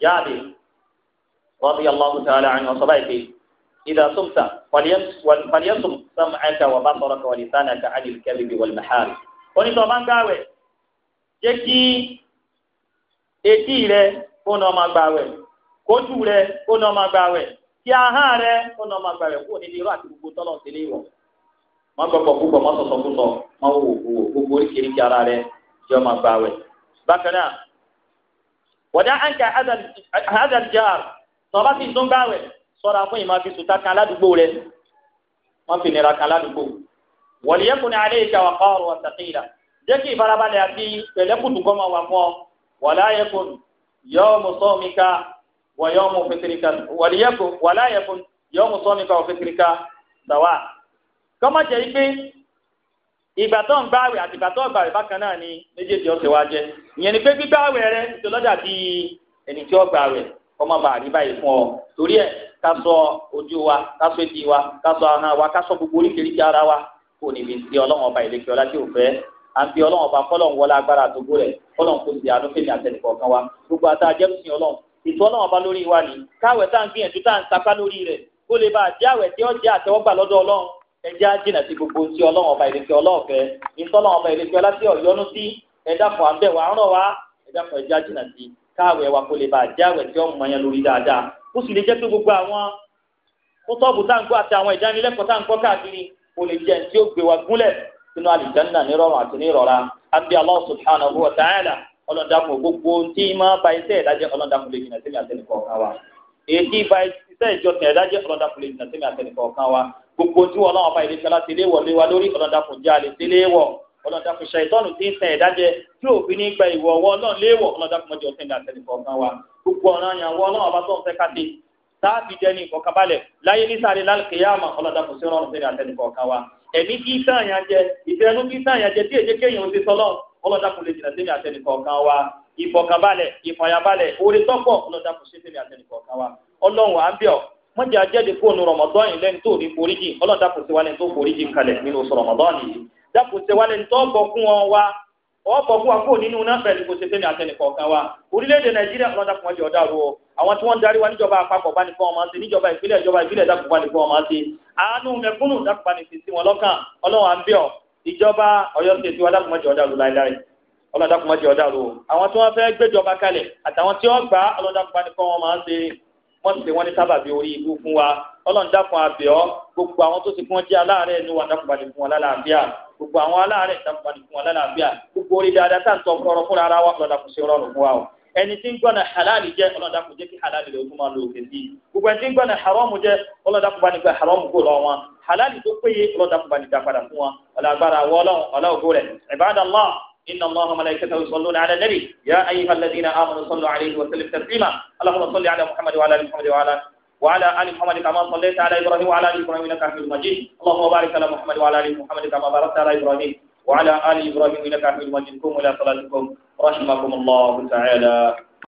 jáde radiyallahu ta'ala anhu ọ̀sọ́ báyìí إذا صمت فليصم سمعك وبصرك ولسانك عن الكذب والمحال wọ́n ní tó o bá ń gbààwẹ̀ jẹ́ kí etí rẹ kó náà máa gbààwẹ̀ kójú rẹ kó náà máa gbààwẹ̀ kí ahọ́n rẹ kó náà máa gbààwẹ̀ kó nídìí irú àti gbogbo tọ́lọ̀ sílé ìwọ̀ má gbọ́pọ̀ púpọ̀ má sọ̀sọ̀ púpọ̀ gbogbo oríkèéríkèé ara rẹ jẹ́ ọ máa gbààwẹ̀. bákan náà wọ́dà ànkà jar tó ti tún gbààwẹ̀ sọ́ra fún ìmọ̀ fi sùtá kan aládùúgbò rẹ̀ wọ́n fi nira kan aládùúgbò wọ̀lìyẹ́kùn ní alẹ́ ìjà wà kọ́ ọ̀rọ̀ ọ̀sàkéyìlá jẹ́ kí ìfarabalẹ̀ àti pẹ̀lẹ́kùtù kọ́ máa wà fún ọ wọ̀láyẹ̀kùn yọ́ọ̀mù sọ́ọ̀mìkà wọ̀yọ́ọ̀mù fẹ́tìríkà wọ̀lìyẹ́kùn wọ̀láyẹ̀kùn yọ́ọ̀mù sọ́ọ̀mìkà wọ̀fẹ́tìríkà dàwà. kọ́mọ jẹ́ pé ìgbà tó ń gbààwẹ̀ àti ìgbà tó ń gbààwẹ̀ bákan náà ni méjèèjì ọ̀sẹ̀ wa jẹ́ ìyẹn ni pé gbígbààwẹ̀ rẹ ìtòlọ́dà bíi ẹni tí ó gbààwẹ̀ kọ́mọ bàa rí báyìí fún ọ torí ẹ̀ Kaso ojú wa kásọ etí wa kaso ahọ́n wa kásọ gbogbo oríkèéríkèé ara wa kò níbi ti ọlọ́wọ́n ọba ìlẹ́kẹ́ ọlá tí ò fẹ́ à ń fi ọlọ́wọ́n ọba kọ́lọ́n wọlé agbára àtògbó rẹ̀ kọ́lọ́n kò sí àánú fèmí àtẹnìkọ̀ọ̀kan wa gbogbo àtà jẹ́mùsìn ọlọ́run ètò ọlọ́wọ́n ọba lórí wa ni káwẹ̀ tá à ń gbìyànjú tá à ń sapá lórí rẹ̀ kó lè bá àjẹ́ àwẹ̀ tí ó jẹ́ àtẹ́wọ́gbà lọ́dọ̀ ọlọ́run ẹjẹ́ àjìnà sí gbogbo tí wa ẹ̀dá kan ẹjẹ́ àjìnà sí káwẹ̀ wa kó lè bá ó sì lè jẹ́ pé gbogbo àwọn kótọ́ọ̀bù tá à ń kọ́ àti àwọn ìdánilẹ́kọ̀ọ́ tá à ń kọ́ káàkiri ó lè jẹ́ tí ó gbé wa gúnlẹ̀ sínú àlìjánná nírọ̀rùn àti nírọ̀ra àbí Allah subhanahu wa ta'ala ọlọ́dàkùn gbogbo tí máa ba iṣẹ́ ìdájẹ́ ọlọ́dàkùn lè jìnà sílẹ̀ àtẹnìkọ̀ kan wa èyí ba iṣẹ́ ìjọsìn ìdájẹ́ ọlọ́dàkùn lè jìnà sílẹ̀ àtẹnìkọ̀ kan wa gbogbo tí wọn náà ọba ìdíṣẹ́ láti léwọ̀ léwa lórí ọlọ́dàkùn jẹ́ àlè sílẹ̀ wọ̀ ọlọ́dàkùn ṣàìtọ́nù tí ń sẹ ìdájẹ́ tí òfin ní gba ìwọ̀ ọwọ́ náà léèwọ̀ ọlọ́dàkùn mọ́jọ ọ̀sẹ̀ ní àtẹnìkọ̀ kan wa gbogbo ọ̀ràn yàn wọ ọlọ́run ọba tó ń fẹ́ káte táàbì jẹ́ ní ìkọ̀kan balẹ̀ láyé nísàlẹ̀ lálùkìyàmà ọlọ́dàkùn sí ọlọ́run ọ̀sẹ̀ ní àtẹnìkọ̀ kan wa ẹ̀mí kí sáàyàn jẹ ìfẹ́nu kí sáàyàn jẹ tí èjé kéèyàn ti sọlọ́ ọlọ́dàkùn lè jìnà sẹ́mi àtẹnìkọ̀ kan wa ìfọ̀kànbalẹ̀ ìfọ̀yàbalẹ̀ orí tọ́pọ̀ ọlọ́dàkùn sí sẹ́mi àtẹnìkọ̀ kan wa ọlọ́run à ń bẹ̀ ọ́ mọ́jà jẹ́ de fóònù rọ̀mọ́dọ́yìn lẹ́ni tó rí foríjì ọlọ́dàkùn sí wa lẹ́ni tó foríjì kalẹ̀ nínú oṣù rọ̀mọ́dọ́yìn yìí dákun ṣe wálé ntọ́ bọ̀ fún wọn wa ọ̀pọ̀ fún wa kúrò nínú náà pẹ̀lú kò ṣe fẹ́mi àtẹnìkọ̀ kan wa orílẹ̀ nàìjíríà ọlọ́dà fún ọjọ́ ọ̀dà ro àwọn tí wọ́n ń darí wa níjọba àpapọ̀ bá ní fún ọmọ ṣe níjọba ìpínlẹ̀ ìjọba ìpínlẹ̀ dákun bá ní fún ọmọ ṣe àánú mẹ̀kúnnù dákun bá ní fi sí wọn lọ́kàn ọlọ́run àbíọ̀ ìjọba ọ̀yọ́ ṣe ti wa ọ̀dà ro láíláí ọlọ́dà fún ọjọ́ ọ̀dà ro àwọn tí wọ́n wọ́n sì wọ́n ní sábàbí orí ibú fún wa ọlọ́run dákun àbẹ̀ ọ́ gbogbo àwọn tó ti fún ọ aláàárẹ̀ ẹnu wa dákun fún wọn lálàáfíà gbogbo àwọn aláàárẹ̀ dákun fún wọn lálàáfíà gbogbo orí dáadáa tá à ń tọ́ fọ́rọ́ fúnra ara wa lọ́dà kò sí fún wa o ẹni tí ń gbọ́nà halali jẹ́ ọlọ́dà kò kí halali rẹ̀ ó máa lo òkè sí gbogbo ẹni tí ń gbọ́nà haramu jẹ́ ọlọ́dà kò bá haramu kò lọ wọn halali tó péye ọlọ́dà kò bá padà fún wọn ọlọ́gbára wọ́ ọlọ́run ọlọ́ọ̀gbó rẹ̀ ìbádàlá إن الله وملائكته يصلون على النبي يا أيها الذين آمنوا صلوا عليه وسلم تسليما اللهم صل على محمد وعلى آل محمد وعلى وعلى آل محمد كما صليت على إبراهيم وعلى آل إبراهيم إنك حميد مجيد اللهم بارك على محمد وعلى آل محمد كما باركت على إبراهيم وعلى آل إبراهيم إنك حميد مجيد قوموا إلى صلاتكم رحمكم الله تعالى